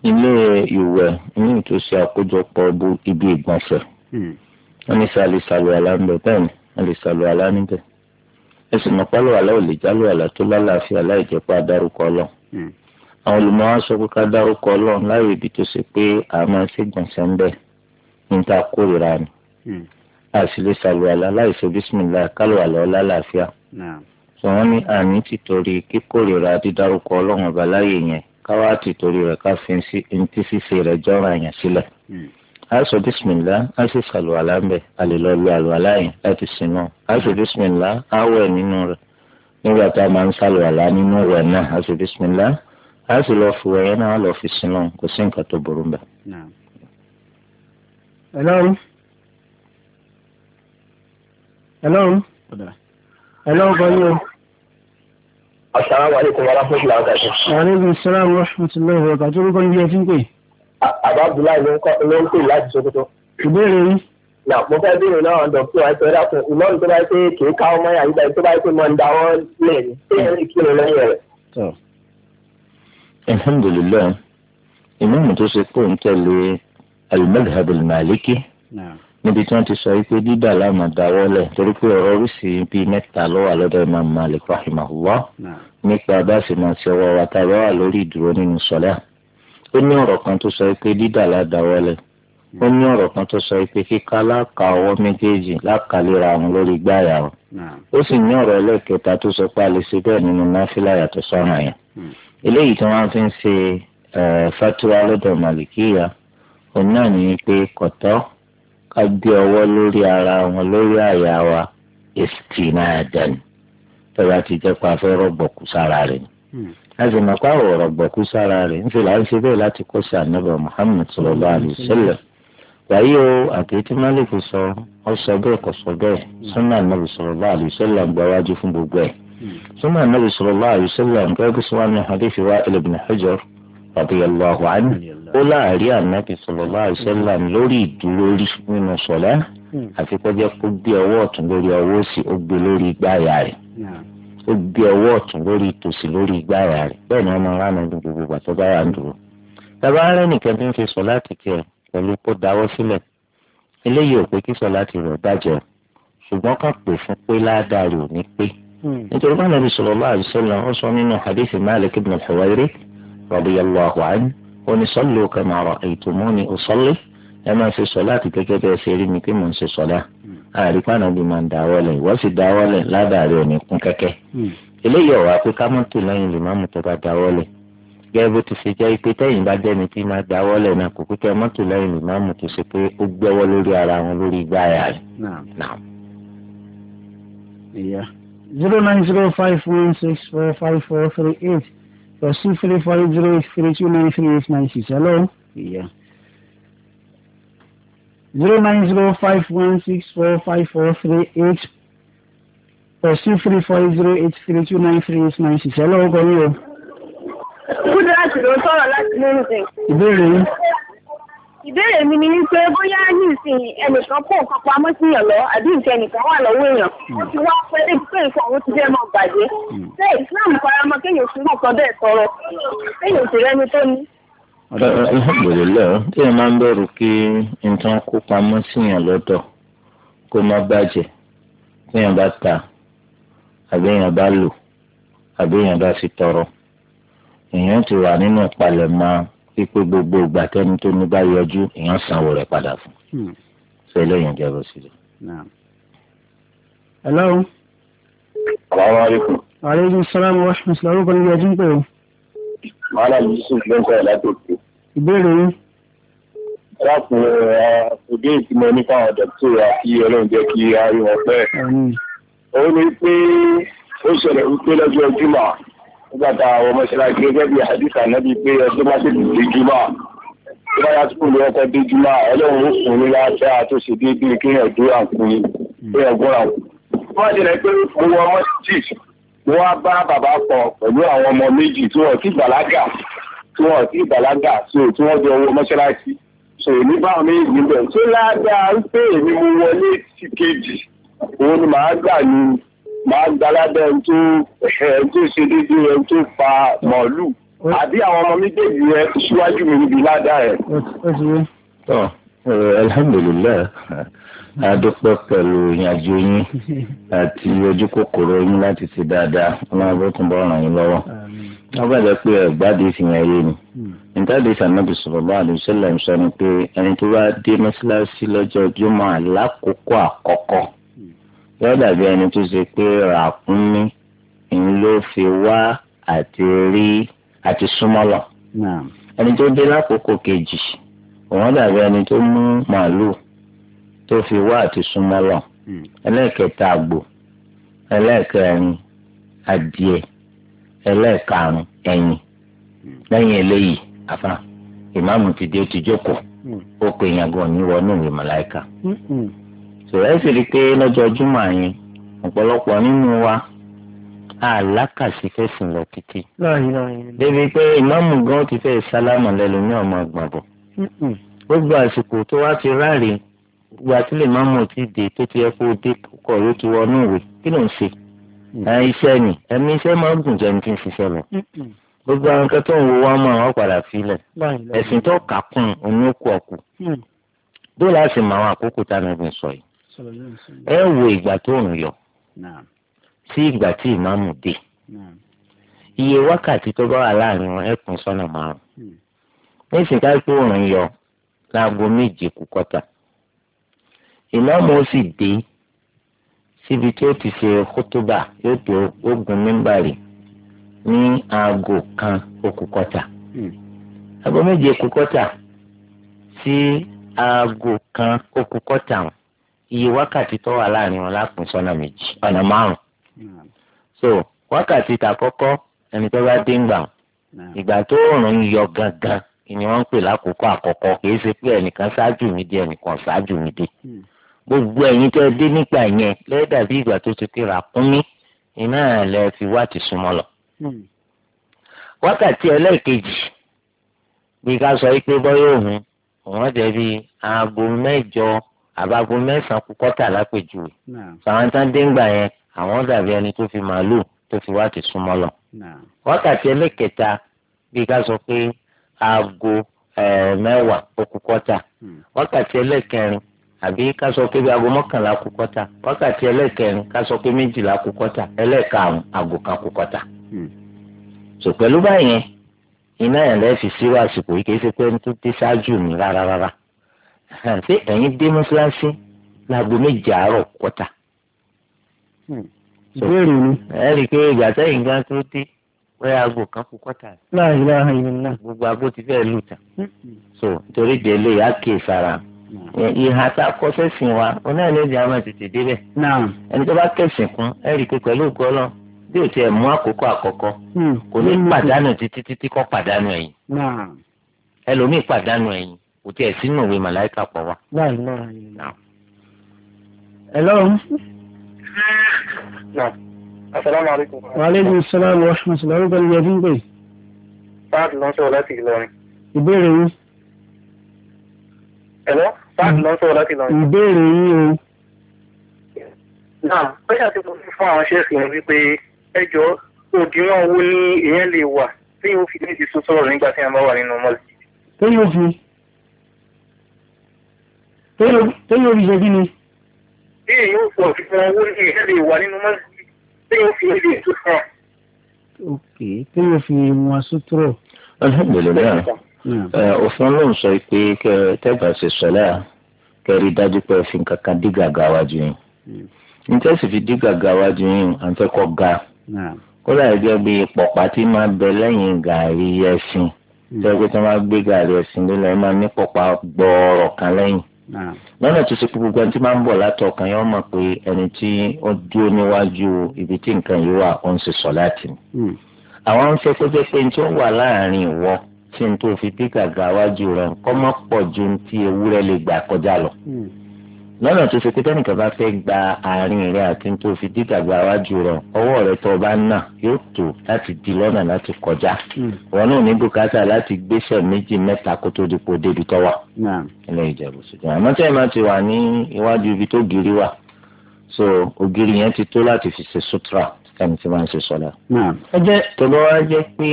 B: ilé ìwẹ̀ ní ìtòsí àkójọpọ̀ ibi ìgbọ̀nsẹ̀ hmm. wọ́n ní sàlẹ̀ sàlẹ̀ aláǹdọ̀ bẹ́ẹ̀ ni ẹ ala sàlù àlá níbẹ̀ ẹ sì mọ̀ pálọ̀ àlá ò lè jálù àlá tó lálàáfíà láì jẹ́ pé a dárúkọ ọlọ́run hmm. àwọn olùmọ̀ wa sọ pé ká dárúkọ láyé ibi tó ṣe pé a máa ṣègbọ̀nsẹ̀ ń bẹ̀ ní ta kórìíra ni hmm. a sì lè sàlù àlá láì ṣe bísímìlá kálù àlá ọlá làáfíà sọ wọn ní àní ti torí kíkórìíra dídárúkọ ọlọ́run ọba láyé yẹn káwá ti torí rẹ̀ ká fi ṣíṣe rẹ̀ jọ́ra yẹn sílẹ̀. Hmm aṣọ bisimilá aṣọ sàlùwàlá ń bẹ àlelọ́lù àlùwàlá yẹn láti sinú aṣọ bisimilá awọ ẹ̀ nínú rẹ̀ nígbà tá a máa ń sàlùwàlá nínú rẹ̀ náà aṣọ bisimilá aṣọ lọ fi wẹ̀ yẹn náà lọ fi sinú kò sí nǹkan tó burú bẹ́ẹ̀.
A: hello hello hello bọ́yọ̀. asalaamualeykum wa rahmatulahi wa barakatuh. wa aleykum salaam wa rahmatulahi wa barakatuh. orúkọ ni bí ẹ ti ń pè é àbá abdullahi ló ń pè láti sokoto. ìbéèrè yìí. nà mo fẹ́ béèrè náà ọ̀dọ̀ fún wa ẹ̀sẹ̀ dákun ìmọ̀ọ́nù tó bá yẹ pé kì í ká ọmọ yàrá ìgbà tó bá yẹ pé mọ̀ ń da wọ́n lẹ̀ ní kéèyàn kí ni lẹ́yìn rẹ̀.
B: alhamdulilayi ìmáàmù tó ṣe pé òun tẹ̀lé al-madhhab maliki níbi tí wọ́n ti sọ wípé dídà láàmà dáwọ́lẹ̀ torí pé ọ̀rọ̀ oríṣi bíi mẹ́ta ló wà lọ́dọ̀ Imam Malik rahimahullah nípa bá a sì máa ṣe ọwọ́ wa tá bá wà lórí ìdúró nínú sọ́lá ó ní ọ̀rọ̀ kan tó sọ pé dídà ládàwọ́lẹ̀ ó ní ọ̀rọ̀ kan tó sọ pé kíká láka ọwọ́ méjèèjì lákàlera àwọn lórí gbáyà o ó sì ní ọ̀rọ̀ ẹlẹ́kẹta tó sọ pé a lè ṣe bẹ́ẹ̀ nínú náfìlà yàtọ̀ sọ́ràn yẹn hmm. eléyìí tí wọ́n fi ń ṣe fatuwa lọ́dọ̀ màlìkíyà òun náà ní pé kọ̀tọ́ ká gbé ọwọ́ lórí ara wọn lórí àyà wa ìsìtìmá àdánù tó bá ti jẹ́ pé fẹ́ rọ̀gbọ̀kú sára rẹ̀ ni ẹsẹ̀ nàkọ́ àwọ̀ ọ̀rọ̀gbọ̀kú sára rẹ̀ ń fi là ń ṣe bẹ́ẹ̀ láti kó sí ànábà Muhammad sallallahu alaihi wasallam wàyí o àkẹ́tì Malik sọ ọ sọ bẹ́ẹ̀ kò sọ bẹ́ẹ̀ sunnah ànábì sallallahu alaihi wasallam ń gbáwájú fún gbogbo ẹ̀ sunnah ànábì sallallahu alaihi wasallam ń gbẹ́gbẹ́ sọ́wọ́n hadith Wa'il ibn Hajar radiyallahu anhu ó láàrí ànábì sallallahu alaihi lórí ìdúró rí nínú sọ̀lá àfikọ́jẹ́ kó gbé ọwọ́ ọ̀tún lórí ọwọ́ òsì ó gbé lórí igbá yàrá ó gbé ọwọ́ ọ̀tún lórí ìtòsí lórí ìgbára rẹ̀ bẹ́ẹ̀ ni ọmọ ránà ní gbogbo ìgbà tó bá wà ń dúró. bàbá rẹ̀ nìkan ti ń fi sọ láti tiẹ̀ pẹ̀lú kó dáwọ́ sílẹ̀ eléyìí ò pé kí sọ láti rẹ̀ bàjẹ́ ṣùgbọ́n kàn pè fún pé ládàá rẹ̀ ò ní pé hmm. nítorí báwọn ẹbí sọ̀rọ̀ lọ́wọ́ àbísọ́lá ó sọ nínú hadithi Malik ibn al-Huwayrith radiyallahu anhu oní àríkọ́ ànábì máa ń dáwọ́lẹ̀ ìwọ́ sì dáwọ́lẹ̀ ládàrí òní kún kẹ́kẹ́ hmm. eléyìí ọ̀wá pé ká má tò lẹ́yìn lè má mú tó bá dáwọ́lẹ̀ gẹ́gẹ́ bó ti ṣe jẹ́ pé tẹ́yìn bá jẹ́ni tí máa dáwọ́lẹ̀ náà kò pé kẹ́ má lẹ́yìn lè má mú tó ṣe pé ó gbẹ́wọ́ lórí ara wọn lórí igbá ayà rẹ̀.
A: zero nine zero five one six four five four three eight plus two three five zero eight three two nine three eight nine six hello. Yeah zero nine zero five one six four five four three eight plus two three four zero eight three two nine three eight nine six ẹ lọ́wọ́ kọ́ ní o. kúndínláàtì ló sọ̀rọ̀ láti lóyún. ìbéèrè yín. ìbéèrè mi ni wípé bóyá nísìn ẹnìkan kó nǹkan pamọ́ sí èèyàn lọ àbí nǹkan ẹnìkan wà lọ́wọ́ èèyàn ó ti wá pé pé nǹkan òun ti jẹ́ mọ́ gbàgbé. Hmm. ṣé Islam faramọ́ kéèyàn sí nǹkan bẹ́ẹ̀ sọ̀rọ̀ kéèyàn sì rẹ́ni tó ní
B: alhamdulilayi tí ẹ máa ń bẹ̀rù kí nǹkan kó pamọ́ síyàn lọ́dọ̀ kó má bàjẹ́ tí èèyàn bá ta àbí èèyàn bá lò àbí èèyàn bá fi tọrọ èèyàn ti wà nínú ìpalẹ̀mọ́ pípé gbogbo ìgbà tẹ́ni tó ní bá yọjú èèyàn sanwó rẹ̀ padà fún hmm. ṣe eléyìí ń jẹ́rọ sí i.
A: hello. salaamaleykum. aleykum salaam wa rahmatulah. orúkọ ni bí a ti ń pè o wàhálà yusuf ló ń sọ̀rọ̀ látòkè. ìbéèrè yín. arákùnrin ọdẹ ìtìmọ̀ nípa àwọn dọ̀tí àti ọlọ́run jẹ́ kí a rí wọn pẹ́. ó ní pé ó ṣẹlẹ̀ wípé lọ́jọ́ jùmọ̀ nígbà tá àwọn mọ́ṣáláṣí gẹ́gẹ́ bí àdìsá náà bíi pé ọjọ́ má tètè dé jùmọ̀ tí wọ́n yá sùkúl ní ọkọ̀ dé jùmọ̀ ọlọ́run ó fún mi láṣẹ àtúnṣe déédéé kéèyàn dúró àǹkùnrin kéèyàn gbọ́ràn. wọ́n ti mo wá bá bàbá pọ̀ pẹ̀lú àwọn ọmọ méjì tí wọ́n ti bàlágà tí wọ́n ti bàlágà so tí wọ́n jẹ owó mọ́ṣáláṣí so èmi bá mi níbẹ̀ tó ládàá ń pè mí mo wọlé sí kejì òun ni màá gbà ní màá gbaládà ẹni tó ẹni tó ṣe déédéé ẹni tó pa màálù àbí àwọn ọmọ méjèèjì rẹ síwájú mi níbi ládàá ẹ.
B: alhamdulilayi adúpẹ́ pẹ̀lú ìyànjú yín àti ojú kòkòrò yín láti ṣe dáadáa ọlọ́run bó tún bọ́ ràn yín lọ́wọ́ wọ́n bẹ̀rẹ̀ pé ẹ̀gbádìí fi yàn yé ni hmm. nítorí sànàbì sallallahu alaihi wasallam ń sọ ni pé ẹni tó bá dé mọ́ṣáláṣí lọ́jọ́ jùmọ̀ lákòókò àkọ́kọ́ hmm. yóò dàbí ẹni tó ṣe pé ràkúnmí ń ló fi wá àti rí àti súnmọ́lọ̀ ẹni tó dé lákòókò kejì òun dàbí ẹni tó mú màálù tó fi wá àti súnmọ́ lọ hmm. ẹlẹ́ẹ̀kẹta àgbò ẹlẹ́ẹ̀kẹrin adìẹ ẹlẹ́ẹ̀karùn ẹ̀yìn hmm. lẹ́yìn eléyìí àfa ìmáàmù ti dé ti jókòó hmm. ó pe èèyàn gan ní ìwé màláìka so ẹ sì rí i pé lọ́jọ́ júmọ̀ yẹn ọ̀pọ̀lọpọ̀ nínú wa àlákàsí fẹ̀sìn lọ títí débi pé ìmáàmù gan ti fẹ́ sálámà lẹ́nu ní ọmọ àgbàbọ̀ gbogbo àsìkò tó wá ti ráàlì ìgbà tí lè máa mọ̀ tí dé tó ti yẹ kó dé kọ̀ ló ti wọnú ìwé kí ló ń ṣe. Mm. iṣẹ́ ni ẹ̀mí iṣẹ́ máa ń gùn jẹun tí ń ṣiṣẹ́ lọ. Mm, mm. gbogbo àwọn akẹ́kọ̀ọ́ tó ń wo wá mọ̀ wọ́n padà filẹ̀ ẹ̀sìn tó kà kún òní òkú ọ̀kù. bó la sì mọ àwọn àkókò táwọn ẹ̀gbìn sọ yìí. ẹ wo ìgbà tó ń yọ sí ìgbà tí ìmáàmù dé. iye wákàtí tó bá wà láàrin wọn ẹkùn sọ́nà márùn-ún. nísìnyí ká yọ láago méje kù kọ́tà ìmáàmù ó sì dé síbi tí ó ti ṣe kótóbà yóò tó ogun mímbàrì ní aago kan okùkọ́ta hmm. aago méje okùkọ́ta sí aago kan okùkọ́ta iye wákàtí tó wà láàrin wọn lápín sọ́nà méjì ọ̀nà márùn hmm. so wákàtí tàkọ́kọ́ ẹni tó bá dé ń gbà hmm. ìgbà tó rùn ń yọ gangan ni wọ́n ń pè lákòókò àkọ́kọ́ kì í ṣe pé ẹnìkan ṣáájú mi dé ẹnìkan ṣáájú mi dé gbogbo ẹ̀yin tẹ́ dé nígbà yẹn lẹ́dà bí ìgbà tó ti kéra kúnmí iná lẹ fi wá ti súnmọ́ lọ. Hmm. wákàtí ẹlẹ́ẹ̀kejì bí ká sọ pé bọ́yọ̀ òun òun jẹ́ bí aago mẹ́jọ àbágo mẹ́sàn-án kù kọ́tà lápèjúwe. sàwọn tán dé ńgbà yẹn àwọn dàbí ẹni tó fi màálù tó fi wá ti súnmọ́ lọ. wákàtí ẹlẹ́kẹta bí ká sọ pé aago eh, mẹ́wàá ó kù kọ́tà hmm. wákàtí ẹlẹ́kẹrin àbí ká sọ pé bí aago mọ́kànlá kù kọ́ta wákàtí ẹlẹ́kẹrin ká sọ pé méjìlá kù kọ́ta ẹlẹ́karùn aago kan kù kọ́ta. Hmm. sọ pẹ̀lú báyẹn iná yẹn lẹ́ fi sí wàásùkò yìí kìí ṣe pé ń tún dé ṣáájú mi rárá rárá. ṣé ẹ̀yin dé mọ́ṣáláṣí láago méje àárọ̀ kọ́ta. Hmm. ìbéèrè mi. ẹ rí i pé ìgbà sẹ́yìn gan tó dé bóyá aago kan kù
A: kọ́ta. láàyè láàyè náà.
B: gbogbo aago ti fẹ́ hmm. so torí délé yà á ìhà tá a kọ sẹ́sìn wa onáà ní ìdí àwọn tètè débẹ̀. ẹni tó bá kẹ̀sìn kún ẹ rí i pé pẹ̀lú ògùn bí o mú àkókò àkọ́kọ́
A: hmm. kò ní pàdánù
B: títí títí kọ́ pàdánù ẹ̀yìn ẹlòmíì pàdánù ẹ̀yìn kò tiẹ̀ sínú ìwé màláìkà pọ̀ wá.
A: asalaamualeykum. waaleykum salaam wa ẹ̀rọ báàgì lọ sọ̀rọ̀ láti lọ. ìbéèrè yín o. náà pẹ́sà tí mo fi fún àwọn ṣẹ́ẹ̀sì yẹn wípé ẹjọ́ òdiwọ̀n owó ní èèyàn lè wà tí yóò fi léèdì sọ sọ̀rọ̀ nígbà tí a bá wà nínú mọ́lẹ̀. tó yóò fi tó yóò fi ṣe kí ni. bí èèyàn ò pọ̀ fífún owó ní èèyàn lè wà nínú mọ́lẹ̀ tí yóò fi léèdì sọ sọ̀rọ̀. ok tí yóò fi wọn sótúrọ̀.
B: alhamdulilayi.
A: òfin eh, ló
B: ń sọ pé tẹ́gbà ṣe sọ́lá kẹ́rí dájú pé òfin kankan dí gàgà wájú hmm. fi dí gàgà wájú yín à ga kódà ebe bí pọ̀pá tí máa bẹ lẹ́yìn gàrí ẹ̀sìn hmm. tẹ́gbẹ́ tí wọ́n gbé gàrí ẹ̀sìn lélẹ̀ ẹ̀ máa ní pọ̀pá gbọ́ọ̀rọ̀ kan lẹ́yìn lọ́nà tó ṣe gbogbo ẹni tí máa ń bọ̀ látọ̀ yẹn wọ́n mọ̀ pé ẹni ibi tí nǹkan yìí wà ó ń ṣe sọ láti
A: hmm. àwọn ń
B: fẹ́ pé pé tí n tó fi dé gàgà wájú rẹ̀ kọ́ mọ́ pọ̀ ju ti ewúrẹ́ lè gbà kọjá lọ. Hmm. lọ́nà tó ṣe pé tẹ́nìkan bá fẹ́ gba àárín rẹ̀ àti n tó fi dé gàgà wájú rẹ̀ ọwọ́ rẹ̀ tó bá nà yóò tó láti di lọ́nà láti kọjá.
A: Hmm. wọn náà
B: ní bùkátà láti gbéṣẹ́ méjì mẹ́ta kó tó di po débi tọ́wà. ilé ìjẹ̀bù sùdùn àmọ́ tẹ́ ẹ máa ti wà ní iwájú ibi tó giri wà so ògiri yẹn ti tó láti fi ṣe sutura kẹ́ni tí wọ́n ń ṣe sọ́lá.
A: ẹ jẹ́ tó bá jẹ́ pé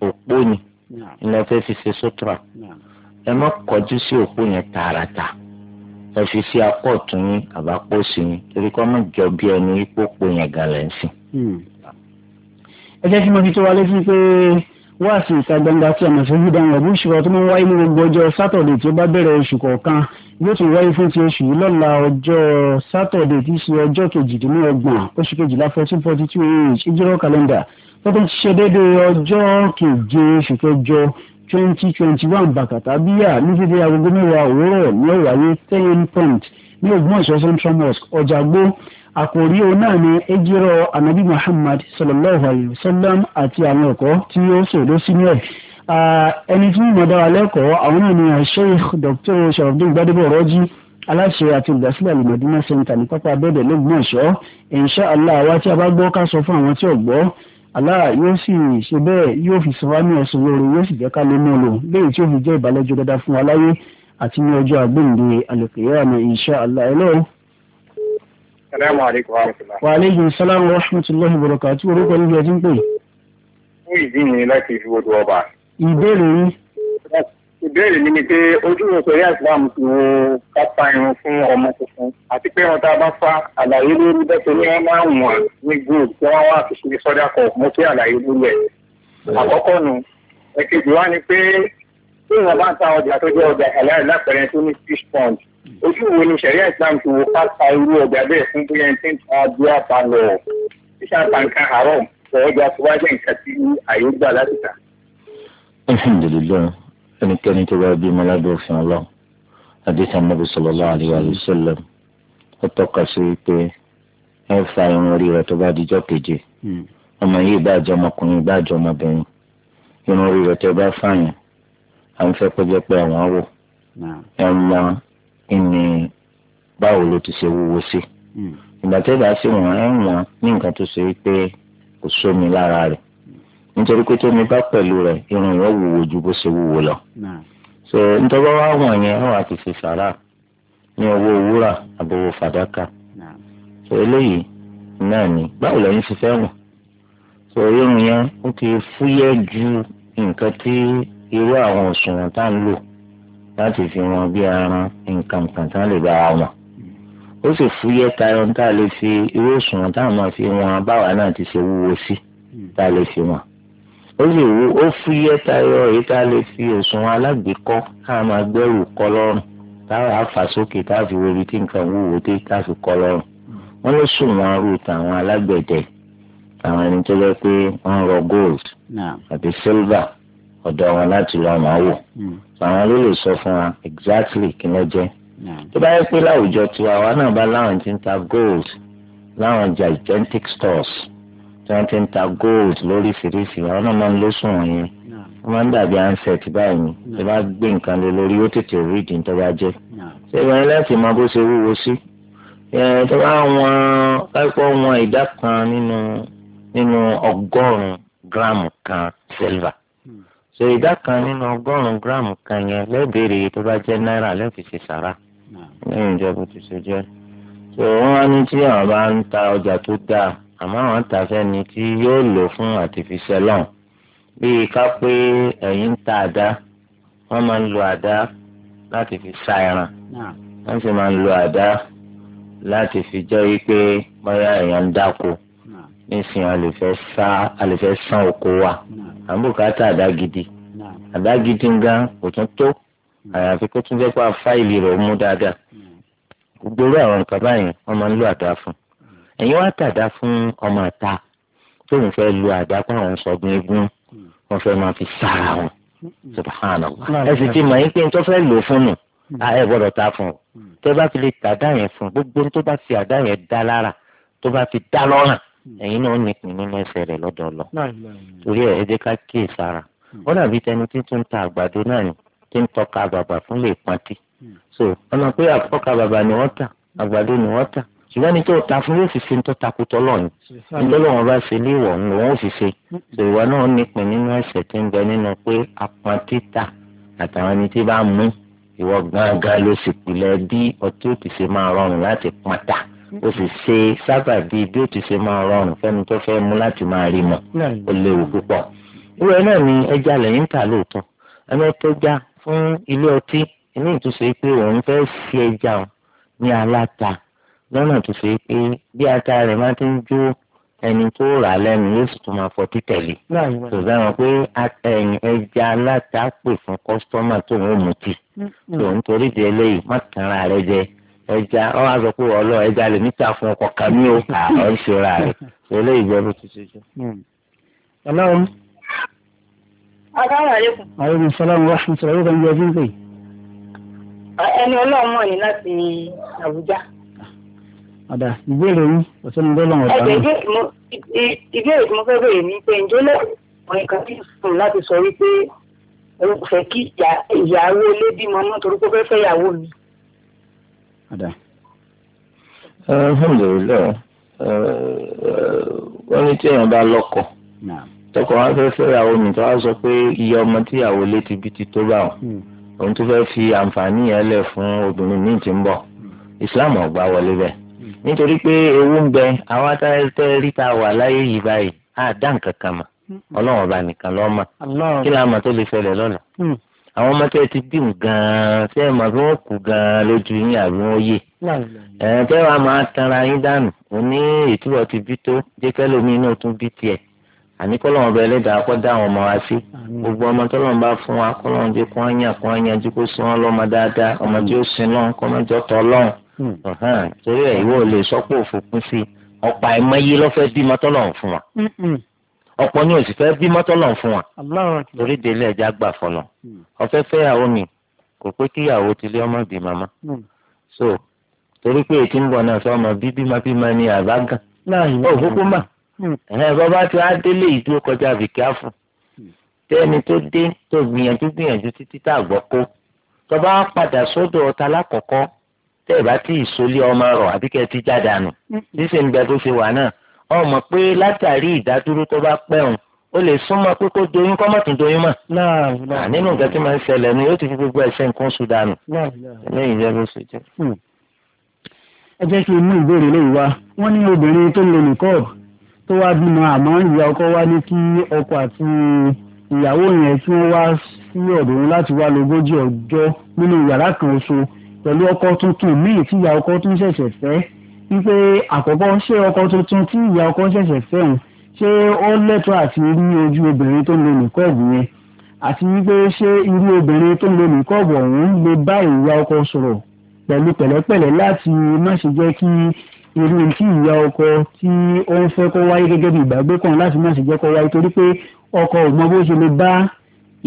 B: òpó ni ńlẹ fẹ́ fi ṣe sutura ẹ má kọjú sí òkú yẹn tààràtà ẹ fi sí akọ́ọ̀tù yín àbápọ̀sí yín torí kọ́ mọ̀ jọ bí ẹni ipòpò yẹn gan lẹ́
A: hmm. ẹ jẹ́ kí mo fi tó wa létí pé wáàsí ìta gbangba tí a mọ̀ sí yídà wọn ọdún ìṣúra tó máa ń wáyé ní gbogbo ọjọ́ sátọ̀dẹ̀ tí ó bá bẹ̀rẹ̀ oṣù kọ̀ọ̀kan yóò tún wáyé fún ti oṣù yìí lọ́la ọjọ́ sátọ̀dẹ̀ tí í ṣe ọjọ́ kejìdínlọ́gbọ̀n oṣù kejìlá fourteen forty two age ìjírọ̀ kàlẹ́ndà tó tó ṣe déédéé ọjọ́ keje oṣù kẹjọ twenty twenty one bàkàtà bíyà ní dédé agogo mẹ́wàá òwúrọ̀ ní ọ̀wáyé ten point ní Ògbómọ̀ṣọ́ central mosque ọ̀jàgbó àkòrí òun náà ni ejirọ anabi Muhammad sallallahu alayhi wa sallam àti àwọn ẹ̀kọ́ tí ó sòdó sínú ẹ̀ ẹni tí mo dára lẹ́kọ̀ọ́ àwọn náà ni Sheikh Dr. Sharafdin Gbadebo Rọ́jí aláṣẹ àti olùdásílẹ̀ alimọ̀dúnmá center ní pápá abẹ́ẹ̀dẹ̀ lÓgbómọ̀ṣọ́ insha Allah àwa tí a bá gbọ́ ká sọ fún àwọn tí ò gbọ́ ala yóò sì ṣe bẹ́ẹ̀ yóò fi san wá ní ẹ̀sùn lórí yóò sì jẹ́ ká lè mú lò léyìí tí ó fi jẹ́ ìbálẹ́jọ́ dada fún wa láyé àti ní ọjọ́ àgbéǹde àlùkìyáámà insha Allah Wa alaikum salam wa rahmatullahi wa barakatuh orúkọ níbi ẹtí ń pè. Fún ìdí mi láti ọba. Ìbéèrè ìbéèrè mi ni pé ojú wo sọ̀rí àìsàn ti wo ká pa irun fún ọmọ tuntun àti pé wọn tá a bá fa àlàyé lórí bẹ́ẹ̀ ni wọ́n máa ń wọ̀n ní group tí wọ́n wá fi ṣe sọ́dá kọ̀ mo kí àlàyé lórí ẹ̀. àkọ́kọ́ nu ẹ̀kejì wá ni pé tí wọ́n bá ń ta ọjà tó jẹ́ ọjà àlàyé lápẹ̀rẹ̀ tó ní fish pond ojú wo ni sẹ̀rí àìsàn ti wo ká pa irú ọjà bẹ́ẹ̀ fún bóyá ẹni tí ń ta adúlá pa lọ ìṣàǹtàǹkà àárọ̀ ọjà tó wá jẹ́ nǹkan tí àyè gbà láti ta
B: ẹnikẹ́ni tó bá bímọ lábẹ́ òfin ọlọ́run àdéhùn anábì sallallahu alaihi wa sallam ó tọ́ka sí pé ẹ fa irun orí rẹ tó bá dijọ́ keje hmm. ọmọ yìí bá jẹ́ ọmọkùnrin bá jẹ́ ọmọbìnrin irun orí rẹ tó bá fààyàn à ń fẹ́ pẹ́jẹ́pẹ́ àwọn wò ẹ mọ ìní báwo ló ti ṣe wúwo sí hmm. ìgbà tẹ́lẹ̀ á sì wọ́n ẹ̀ wọ́n ní nǹkan tó ṣe pé kò sómi lára rẹ̀ nítorí pé tómi bá pẹ̀lú rẹ̀ irun yẹn wúwo ju bó ṣe wúwo lọ. so nítorí wá wọ̀n yẹn wọ́n á ti fi sàrà ní owó wúrà àbòwò fàdákà. so eléyìí náà ni báwo lẹ́yìn ti fẹ́ wọ̀n. so irun yẹn ó ti fúyẹ́ ju nǹkan tí irú àwọn òṣùwọ̀n tá ń lò láti fi wọn bí aran nǹkan kan tán lè bá wọn ó sì fúyẹ́ tayọ̀ tá a lè fi irú òṣùwọ̀n táwọn máa fi wọn báwa náà ti ṣe wúwo sí tá lè fi wọn ó lè wo ó fúyẹ́ tayọ èyí tá a lè fi òsùn alágbèékọ́ ká máa gbẹ́rù kọ́ lọ́rùn táwọn afàsókè káfi wo ibi tí nǹkan wúwo dé káfi kọ́ lọ́rùn wọ́n lè sùn wọn rú tàwọn alágbẹ̀dẹ àwọn ẹni tó jẹ́ pé wọ́n rọ gold àti silver ọ̀dọ̀ wọn láti lọ máa wò hmm. àwọn ló lè sọ fún wa exactly kí ló jẹ́ tó bá yẹ pé láwùjọ tiwa wa náà bá láwọn ti ń ta gold láwọn gigantic stores tí wọ́n ti ń ta gold lóríṣiríṣi àwọn náà máa ń lóṣùn wọn yẹn wọ́n máa ń dàbí ansẹ̀t báyìí tí wọ́n gbé nǹkan lé lórí ó tètè rí ìdí tó bá jẹ́ ṣé ìwọ̀n láti mọ bó ṣe wúwo sí tó bá wọn láìpẹ́ wọn ìdá kan nínú nínú ọgọ́rùn-ún gíráàmù kan silver ṣe hmm. ìdá kan nínú ọgọ́rùn-ún gíráàmù kan yẹn lẹ́bẹ̀rẹ̀ tó bá jẹ́ náírà lẹ́bẹ̀rẹ̀ sàrà lẹ́yìn ìjọba tó ṣe jẹ́ ṣé á ní tí àwọn bá ń ta ọjà tó dáa àmọ́ àwọn ta fẹ́ni tí yóò lò fún àtìfíṣẹ́ lọ́n bíi ká pé ẹ̀yin ń ta àdá wọ́n máa ń lo àdá láti fi sa ẹran wọ́n sì máa ń lo àdá láti fi jẹ́ wípé bóyá èèyàn ń dáko nísìnyí a lè sá a sán oko wa à ń bùkátà àdá gidi àdá gidi gan kò tún tó àyàfi kó tún jẹ́ pé fáìlì rẹ̀ mú dáadáa gbogbo àwọn nǹkan báyìí wọ́n máa ń lo àdá fún un ẹ̀yin wá tàdá fún ọmọ àta tó ń fẹ́ lu àdá kó àwọn sọgbọn egun wọn fẹ́ máa fi sára wọn subhanallah ẹ sì ti mọ̀ yín pé nítorí fẹ́ lò fún nù ẹ gbọ́dọ̀ ta fún o tó bá fi lè tàdá yẹn fún gbogbo tó bá fi àdá yẹn dá lára tó bá fi dá lọ́ràn ẹ̀yin náà ní nínú ẹsẹ̀ rẹ̀ lọ́dọ̀ lọ torí ẹ̀ ẹ ká kíyè sára hmm. ó dàbí tẹni tí tún ta àgbàdo náà ni tí ń tọ́ka bàbà fún lè pọ́ntì hmm. so ọmọ pé àkọ́kà bàbà ni wọ́n tà àgbàdo ni wọ́n tà ṣùgbọ́n ní tó ta fún yóò fi ṣe ń tó takò tọ́lọ̀ ni nítorí wọn bá ṣe ní ìwọ̀ ńlọ wọn ò fi ṣe ìwà náà nípìn nínú ẹ̀ṣẹ̀ tí ń bẹ nínú pé apọn títà àtàwọn ẹni tí bá mú ìwọ gángan ló sì pilẹ̀ bí ọtí ò ti ṣe máa rọrùn láti pátá ó sì ṣe sábà bíi bí ó ti ṣe máa rọrùn fẹ́ni tó fẹ́ mú láti máa rí mọ̀ ó léwu púpọ̀ ìwé náà ni ẹja lẹ́yìn tà lóòótọ́ ẹmẹ́tẹ́já fún ilé ọtí inú ìtúnṣe pé òun fẹ́ ṣe ẹja ní aláta lọ́nà tó ṣe pé bí ata rẹ̀ máa ti ń jó ẹni tó rà lẹ́nu yóò sì tún máa fọ títẹ̀lé. tó dáhùn pé ẹja aláta pè fún kọ́sítọ́mà tó ń mú tì. tó ń torí di eléyìí má tanra rẹ jẹ ẹja ọ wá sọ pé ọlọ ẹja lè níta fún ọkọ kàmí o kà mm-hmm. ọ ń ṣe ra rẹ eléyìí jẹ bó ti ṣe jẹ.
A: ọlọ́run. Mm-hmm. asalaamualeykum. aleykum salaam wa rahmatulah yóò kàn yín ọdún pé. ẹni ọlọ́run mọ̀ ní láti Àbújá ọ̀dà ìbéèrè yín ọ̀sẹ̀ ní bọ́lá ọ̀dà ìbéèrè tí mo fẹ́ bèèrè ni pé ǹjẹ́ lẹ́yìn ọkùnrin kan ti sùn láti sọ wípé òun kò fẹ́ kí ìyàwó ilé bímọ náà torí kó fẹ́ fẹ́ ìyàwó mi. alhamdulilayi
B: wọ́n ní tí èèyàn bá lọ́kọ tọkọ wọn fẹ́ fẹ́ ìyàwó mi tó wá sọ pé iye ọmọ tí ìyàwó ilé ti bí ti tó bá wọn òun hmm. tó fẹ́ fi àǹfààní yẹn lẹ̀ fún obìnrin míì tí ń bọ̀ hmm. Islam ò wọlé bẹ́ẹ̀ nítorí pé ewu ń bẹ àwọn atẹ́tẹ́ ríta wà láyé yìí báyìí àdá nǹkan kan mà mm-hmm. ọlọ́run ọba nìkan lọ́ọ́ mà kí láàmà tó lè fẹlẹ̀ lọ́la mm. àwọn ọmọ tẹ́ ti dìm gan-an tẹ́ ẹ̀ mà bí wọ́n kú gan-an lójú yín àbí wọ́n yè ẹ̀ tẹ́ wàá máa tanra yín dànù òní ìtúbọ̀ ti bí tó jẹ́kẹ́ lómi náà tún bí tiẹ̀ àní kọ́lọ́n ọba ẹlẹ́dàá kọ́ dá àwọn ọmọ wa sí gbogbo ọmọ tọ́lọ́n bá fún wa kọ́lọ́n jẹ́ kó wọ́n yàn kó wọ́n yanjú kó sún wọn lọ́mọ ọmọ tí ó sin lọ́n kọ́mọ́jọ́ tọ́ lọ́n Hmm. torí ẹ̀ ìwọ lè sọ́pọ̀ òfòpin sí ọ̀pá ẹ̀mọ́ yìí ló fẹ́ bímọ tọ́lọ̀ fún wa hmm. ọ̀pọ̀ ni òsì fẹ́ bímọ tọ́lọ̀ fún wa torí délé ẹ̀já gbà fọlọ̀ hmm. ọ̀fẹ́ fẹ́yàwó mi kò pé kíyàwó tilé ọmọ bí mama so torí pé ètí ń bọ̀ náà fẹ́ ọmọ bí bímọ bímọ ni àbá gan òfófó mà ẹ̀ bọ́bá tí wàá délé ìdúró kọjá àbíkí á fún tẹ́ni tó dé tó gbìyànjú gbìyànjú títí tá àgbọ̀ kó tọ́ba padà sọ́dọ̀ ọ̀tá lákọ̀ọ́kọ́ tẹ́ ẹ bá tí ì sólé ọmọ rọ̀ àbí kẹ́ ẹ ti jáde àná níṣẹ́ ń bẹ tó ṣe wà náà ọmọ pé látàrí ìdádúró tó bá pẹ́ òun ó lè súnmọ́ pé kó doyún kọ́ mọ̀tún doyún mọ̀. nínú nǹkan tí máa ń ṣẹlẹ̀ ni yóò ti fi gbogbo ẹ̀ṣẹ̀ nǹkan sùn dànù. lẹ́yìn ìjẹ́ ló ṣe jẹ́.
A: Hmm. ẹ jẹ́ kí n mú ìbéèrè lóyún wá wọ́n ní obìnrin tó lè nìkọ́ tó wá bímọ àmọ́ ìyá ọkọ wá ní kí ọkọ àti ìyàwó yẹn tí wọ́n wá sí ọ̀dọ̀ òun láti wá lógójì ọjọ́ nínú yàrá kan ṣo pẹ̀lú ọkọ tuntun míì tí ìyá ọkọ tún ṣẹ̀ṣẹ̀ fẹ́ wípé àkọ́kọ́ ṣé ọkọ tuntun tí ìyá ọkọ ṣẹ̀ṣẹ̀ fẹ́ òun ṣé ó lẹ́tọ̀ọ́ àti rí ojú obìnrin tó ń lo nìkọ́ọ̀bù yẹn àti wípé ṣé irú obìnrin tó ń lo nìkọ́ọ̀bù ọ̀hún lè bá ìyá ọkọ sọ̀rọ̀ pẹ̀lú pẹ̀lẹ́pẹ̀lẹ́ láti má ṣe jẹ́ kí irú tí ìyá ọkọ tí ó ń fẹ́ kó wáyé gẹ́gẹ́ bí ìgbàgbé kan láti má ṣe jẹ́ kó wáyé torí pé ọkọ ò mọ bó ṣe lè bá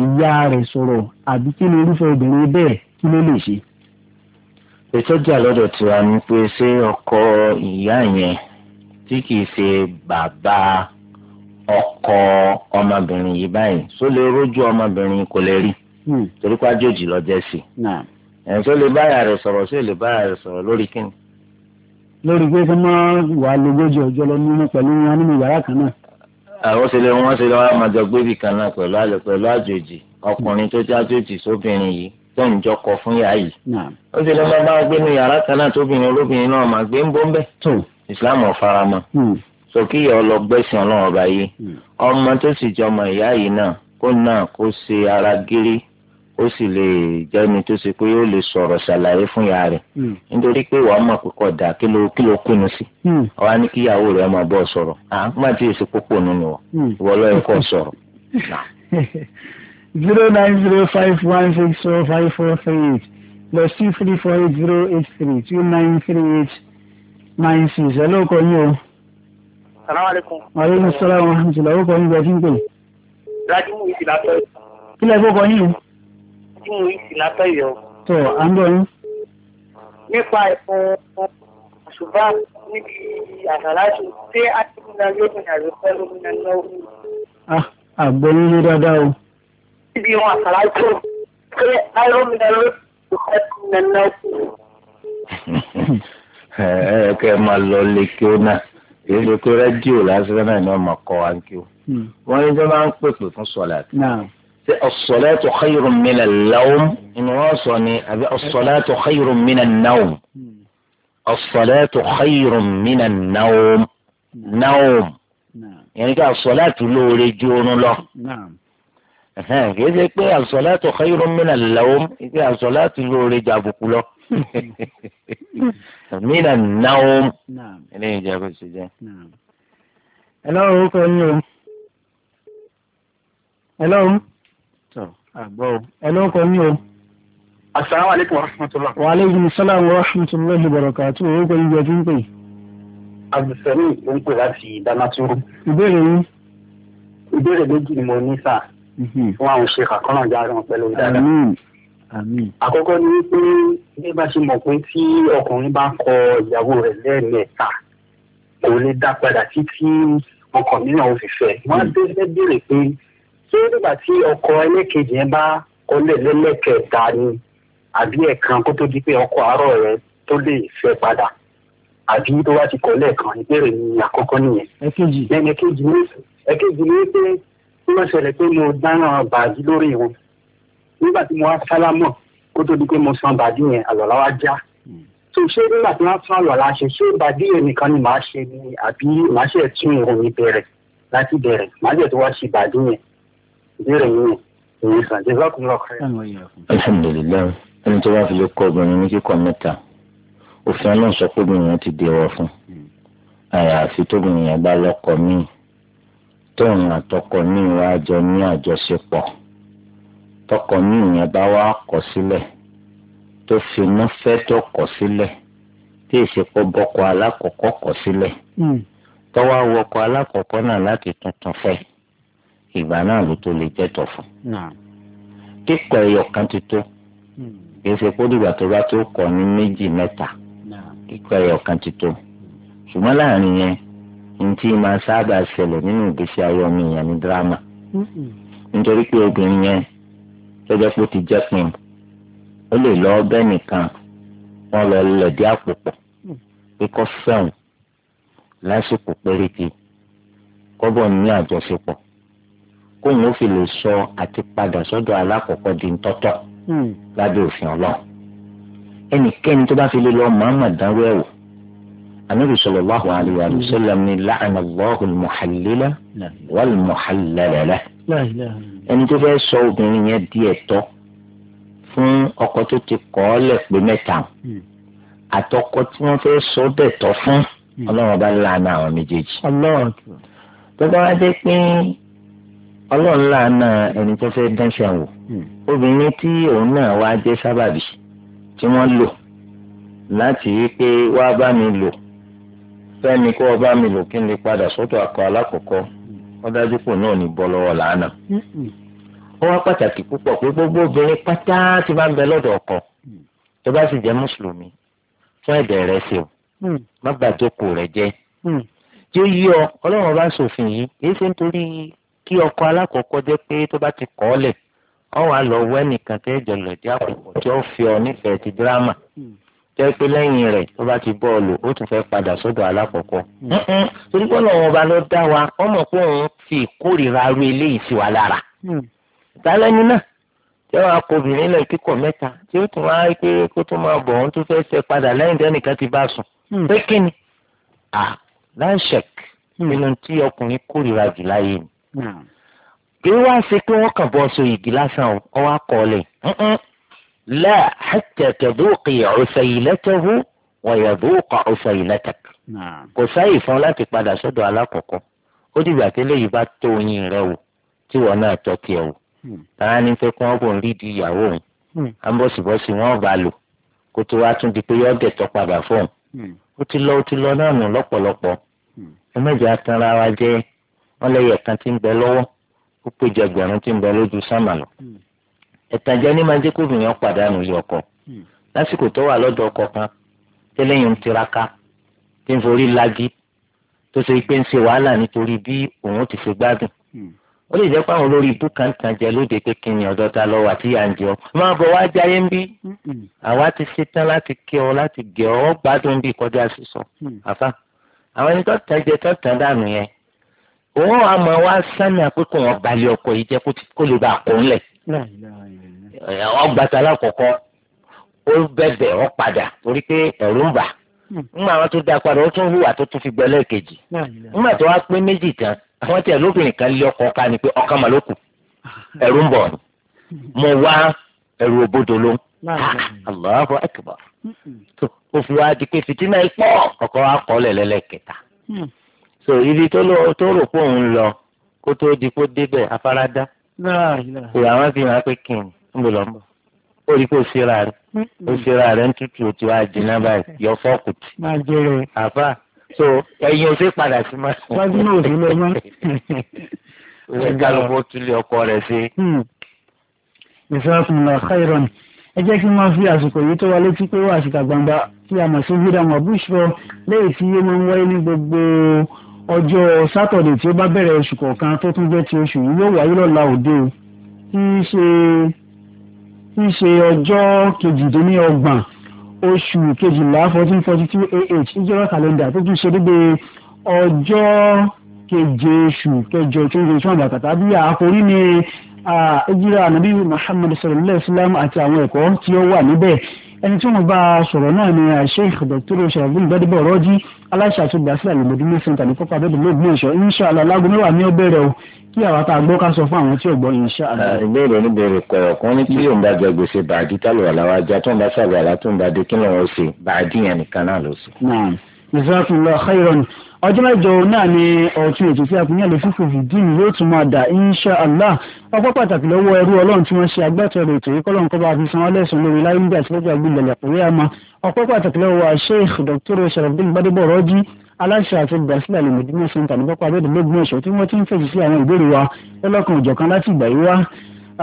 A: ìyá rẹ̀ sọ̀rọ̀ àbí kí ni irúfẹ́ obìnrin bẹ́ẹ̀ kí ló lè ṣe
B: ìtọ́jà lọ́dọ̀ tiwa ni pé ṣé ọkọ ìyá yẹn tí kìí ṣe bàbá ọkọ ọmọbìnrin yìí báyìí só lè rójú ọmọbìnrin kò lè rí hmm. torí pé àjòjì lọ jẹ́ sí i ẹ̀ só lè báyà rẹ̀ sọ̀rọ̀ sí lè báyà rẹ̀ sọ̀rọ̀ lórí kíni.
A: lórí pé kí wọ́n wà lógójì ọjọ́ lọ nínú pẹ̀lú wọn nínú yàrá kan náà.
B: àwọn ṣe lè wọ́n ṣe lọ́wọ́ àmàjọ gbébì kan náà pẹ̀lú àjòjì ọkùnrin tó jẹ́ àjòjì sóbìnrin yìí tẹ́yìn jọ fún yàrá yìí. ó sì lè má bá wọn gbé yàrá kan náà tóbìnrin olóbìnrin náà máa gbé ń bó ń islam ọ̀farama hmm. ọ ọlọ́run ọba yìí hmm. ọmọ tó sì jọ ọmọ ìyá yìí náà kó náà kó ṣe ara gírí ó sì lè tó ṣe pé lè sọ̀rọ̀ ṣàlàyé fún ìyá rẹ̀ hmm. nítorí pé wàá mọ̀ kí ló kí ló kúnnu sí ọ̀hán rẹ̀ máa bọ̀ sọ̀rọ̀ èsì nínú
A: zero nine zero five one six four five four three eight plus two three four eight zero eight three two nine three eight nine six ẹ lóko yín o. salaamaleykum. maaleykum salaam wa rahmatulah o kò ní gbàdúrà pé. rajimu ìsìlá tọ́ yìí. kílẹ̀ kó kọ yín o. rajimu ìsìlá tọ́ yìí o. tó à ń bọ̀ yín. nípa ẹ̀fọ́ àṣùbá níbi àṣàláṣù ṣé àtìmúnà lómìnà ló fẹ́ lómìnà náà. àgbẹ̀yìn ló dáadáa o. sidii waa salaatoo ayro min allo min annaasi.
B: ẹ kẹ́ ẹ máa lọ lè kí ó náà èdè pé rẹ́díò lásán náà ni wọ́n máa kọ́ wa ń kí ó. wọ́n ní sọ máa ń pèpè fún sọ̀láàtì. ṣé as-salatu khayrun min al-lawm ni wọ́n sọ ni àbí as-salatu khayrun min an-nawm. as-salatu khayrun min an-nawm. nawm. yẹn ní ká as-salatu lóore ju oorun lọ. kìí ṣe pé àṣọlátò khayrun mìnà lọ́wọ́ pé àṣọlátò lóore jà àbùkù lọ mìnà náwó eléyìí jẹ́ kó ṣe jẹ́.
A: hello orúkọ yín o hello àgbọ̀ o hello orúkọ yín o. asalaamualeykum wa rahmatulah. wa aleykum salaam wa rahmatulahi wa barakatuh orúkọ yín jẹ́ tí ń pè. abdulsani ló ń pè láti damaturu. ìbéèrè yín. ìbéèrè méjì ni mo ní sáà. Mhm. fún àwọn ṣe kàkọ́nà jáde wọn pẹ̀lú dáadáa. àkọ́kọ́ ni pé bí bá ṣe mọ̀ pé tí ọkùnrin bá kọ ìyàwó rẹ̀ lẹ́ẹ̀mẹ́ta kò lè dá padà títí ọkọ mìíràn ò fi fẹ́. wọ́n á bẹ́ẹ̀ béèrè pé ṣé nígbà tí ọkọ ẹlẹ́kejì yẹn bá kọlẹ̀ lẹ́lẹ́kẹ̀ẹ́ta ni àbí ẹ̀kan kó tó di pé ọkọ àárọ̀ rẹ̀ tó lè fẹ́ padà àbí tó bá ti kọlẹ̀ kan ìbéèrè ni àkọ́kọ́ nìyẹn. ẹ̀kejì ẹ̀kejì ni pé ló ṣẹlẹ̀ pé mo dáná bàájú lórí wọn nígbà tí mo wá sálámọ̀ kó tó di pé mo san bàájú yẹn àlọ́lá wá já tó ṣé nígbà tí wọ́n san àlọ́lá ṣe ṣé bàájú yẹn nìkan ni màá ṣe ni àbí màá ṣe tún irun mi bẹ̀rẹ̀ láti bẹ̀rẹ̀ màá ṣe tó wá ṣe bàájú yẹn ìbéèrè yẹn èyí sàn jẹ́ lọ́kùnrin lọ́kùnrin.
B: alhamdulilayi ẹni tó bá fi lè kọ obìnrin ní kíkọ mẹ́ta òfin ọlọ́run sọ pé obìnrin yẹn ti dèrò fún hmm. àyàfi tóbìnrin yẹn bá lọ́kọ míì tóun àtọkọ ní ìwà àjọ ní àjọṣepọ̀ tọkọ ní ìyẹn bá wá kọ̀ sílẹ̀ tó finá fẹ́ tó kọ̀ sílẹ̀ tí ìṣepọ bọkọ alákọ̀ọ́kọ́ kọ̀ sílẹ̀ hmm. tọwọ awọkọ alákọ̀ọ́kọ́ náà láti tuntun fẹ́ ìgbà náà ló tó lè jẹtọ fún kíkọ̀ ẹyọ kan ti tó hmm. kì dìgbà tó bá tó kọ̀ ní méjì mẹ́ta kíkọ̀ ẹyọ kan ti tó ṣùgbọ́n láàrin yẹn ntí máa sábà ṣẹlẹ̀ nínú ìgbésí ayé ọmọ èèyàn ní dírámà nítorí pé obìnrin yẹn lọ́jọ́ pé ó ti jẹ́ pin ó lè lọ ọbẹ̀ nìkan wọ́n lọ lẹ̀dí àpòpọ̀ pé kó fẹ́hùn lásìkò péréte kọ́bọ̀ ní àjọṣepọ̀ kóun ó fi lè sọ àti padà sọ́dọ̀ alákọ̀ọ́kọ́ di ntọ́tọ̀ hmm. lábẹ́ òfin ọlọ́run ẹnikẹ́ni tó bá fi lè lọ màmá dánwó ẹ̀wò النبي صلى الله عليه وآله وسلم لعن الله المحلل والمحلل له ẹni tó fẹ́ sọ obìnrin yẹn di ẹ̀tọ́ fún ọkọ tó ti kọ́ ọ lẹ̀ pé mẹ́ta hmm. àtọkọ tí wọ́n fẹ́ sọ dẹ̀tọ́ fún hmm. ọlọ́run bá lànà àwọn méjèèjì. tó bá wá dé pé ọlọ́run lànà ẹni tó fẹ́ dánṣẹ́ wò hmm. obìnrin tí òun náà wá jẹ́ sábàbí tí wọ́n lò láti rí pé wá bá mi lò sẹ́ni kó ọba mi lò kí n lè padà sọ́tọ̀ akọ alákọ̀ọ́kọ́ wọ́n pò náà ní bọ́ lọ́wọ́ làánà. ó wá pàtàkì púpọ̀ pé gbogbo obìnrin pátá ti bá ń bẹ lọ́dọ̀ ọkọ tó bá sì jẹ́ mùsùlùmí fún ẹ̀dẹ̀ rẹ̀ sí o má bàjókòó rẹ̀ jẹ́. tí ó yí ọ ọlọ́run bá ṣòfin yìí èyí ṣe ń torí kí ọkọ alákọ̀ọ́kọ́ jẹ́ pé tó bá ti kọ́ ọ́ lẹ̀ ọ wà lọ wẹ́ nìkan tẹ́ jọlọ̀ jẹ́ àkókò jẹ́ pé lẹ́yìn rẹ̀ tó bá ti bọ́ọ̀lù ó tún fẹ́ padà sọ́dọ̀ alákọ̀ọ́kọ́. torí pé ọlọ́run ọba ló dá wa ọmọ pé òun fi ìkórìíra ru eléyìí sí wa lára. ìtàlẹ́ni mm. náà tí wọ́n á kó obìnrin lọ kíkọ̀ mẹ́ta tí ó tún wá pé kó tún máa bọ̀ òun tún fẹ́ ṣe padà lẹ́yìn tẹ́nìkan ti bá sùn. Mm. pé kí ni láńṣẹ̀k mm. nínú tí ọkùnrin kórìíra jù láyé ni. kí wọ́n á ṣe pé wọ́n kàn bọ́ لا حتى تذوقي عسيلته ويذوق عسيلتك kò sáyè fún láti padà sọdọ alákọ̀ọ́kọ́ ó dìgbà tí eléyìí bá tó oyin rẹ o tí wọn náà tọ́ o tàà ní pé kí bò ń rí di ìyàwó òun à ń bọ̀sibọ̀si wọ́n bá lò kó tó wá tún di pé lọ ó ti lọ náà nù lọ́pọ̀lọpọ̀ ẹ mẹ́jọ wa jẹ́ lẹ́yẹ̀ kan ń bẹ lọ́wọ́ ó péjọ ẹgbẹ̀rún ń bẹ lójú ẹ̀tàjẹ́ ní máa ń jẹ́ kó obìnrin ó pàdánù ilé ọkọ hmm. lásìkò tó wà lọ́dọ̀ ọkọ kan tẹ́lẹ̀yìn ń tiraka tí ń forí lagi tó ṣe pé ń ṣe wàhálà nítorí bí òun ti ṣe gbádùn hmm. ó lè jẹ́ pé àwọn olórí ibú kan tàn jẹ lóde pé kí ni ọ̀dọ́ ta lọ́wọ́ àti ìyá ń jẹ ọ́ máa bọ̀ wá jayé ń bí hmm. àwa ti ṣe tán láti kí ọ láti gẹ̀ ọ́ gbádùn bí kọjá sísọ àfa àwọn ẹni tó tàn jẹ tó tàn dànù yẹn òun àmọ́ wá sánà pé kò wọ́n balẹ̀ ọkọ̀ yìí jẹ́ kó lè bá a kó ńlẹ̀
A: ọgbàtà
B: lákòókò ó bẹ̀bẹ̀ ó padà torí pé ń bà hmm. ńgbà wọn tó dá padà ó tún hùwà tó tún fi gbẹ lẹ́ẹ̀kejì ńgbà tó wá pé méjì tán lóbìnrin kan lé ọkọ ká ni pé ọkàn mà ló kù ẹ̀rù ń bọ̀ ni mo wá lọ kó tó di kó
A: ìyàwó
B: fi hàn pé kí n ń lọ mọ ó rí pé ó ṣera rẹ ó ṣera rẹ ń tutù tí wàá jìnnà báyìí yọ fọ́ọ̀kù tì àfà so ẹyin ò sí padà sí ma. wájú náà ò sí lọ mọ. ìwé kálukú tún lé ọkọ rẹ sí.
A: ìsọfúnlá khairon ẹ jẹ́ kí n máa fi àsìkò yìí tó wa létí pé wàásù kàgbàǹgbà tí a mọ̀ sí gbígbà mọ̀ bushro léyìí tí yé máa ń wáyé ní gbogbo ọjọ́ sátọ̀dẹ̀ tí ó bá bẹ̀rẹ̀ oṣù kọ̀ọ̀kan tó tún jẹ́ ti oṣù yìí yóò wáyé lọ́la òde o tí í ṣe tí í ṣe ọjọ́ kejìdínlọ́gbọ̀n oṣù kejìlá fourteen forty two ah ìjọba kàlẹ́ndà tó tún ṣe dédé ọjọ́ keje oṣù kẹjọ tó ń retí àgbà kàtà bí àkórí ni ìjírà ànábì Muhammad sallallahu alayhi wa sallam àti àwọn ẹ̀kọ́ tí ó wà níbẹ̀ ẹni tí wọ́n bá a sọ̀rọ̀ náà ni eh, Sheikh Dr. sharafdin gbadebo ọrọjì aláṣẹ àtúgbàsílẹ̀ àlùmọdúnmí center ní kópa bẹbẹ lóògùn ìṣọ inṣàlá alágún mẹ́wàá ní ọbẹrẹ o kí àwa tá a gbọ́ ká sọ fún àwọn tí ò gbọ́ inṣàlá.
B: Eh, ìbéèrè oníbèrè kọ̀ọ̀ kan ní tí yóò bá jẹ gbèsè bàdí tálù àlàwà ajá tó ń bá sàlù tó ń bá dé kí lóun
A: ó ọjọ́ mẹ́jọ náà ni ọ̀tún ètò tí a kò ní àlè fífò fìdíìmù yóò tún máa dà insha allah ọpọ́ pàtàkì lọ́wọ́ ẹrú ọlọ́run tí wọ́n ṣe agbátẹrù ètò yìí kọ́lọ́run kọ́ bá fi san ọlẹ́sùn lórí láyé nígbà tí lọ́jọ́ àgbélẹ̀lẹ̀ kò rí àmọ́ ọpọ́ pàtàkì lọ́wọ́ sheikh dr sharafdin gbadebo rọ́jí aláṣẹ àti gbàsílẹ̀ lè mẹ̀dínà center ní bọ́pọ̀ abẹ́dẹ̀ lógún ọ̀ṣọ́ tí wọ́n ti ń fèsì sí àwọn ìbéèrè wa lọ́lọ́kan òjọ̀kan láti ìgbà yìí wá Uh,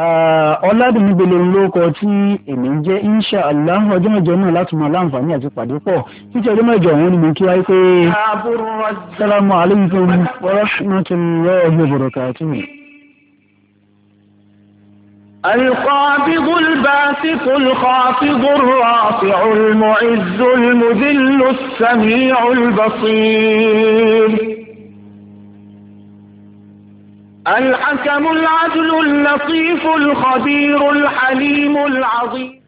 A: ọ̀làdùnúgbèlè lóko tí èmi ń jẹ́ insha allah ọjọ́ mẹ́jọ náà láti mọ aláǹfààní àti pàdé pọ̀ títí ọjọ́ mẹ́jọ ọ̀hún ni mo kí wáyé pé sálámù aleykum wa rahmatullahi wa barakatuh. القابض الباسط الخافض الرافع المعز المذل السميع البصير الحكم العدل اللطيف الخبير الحليم العظيم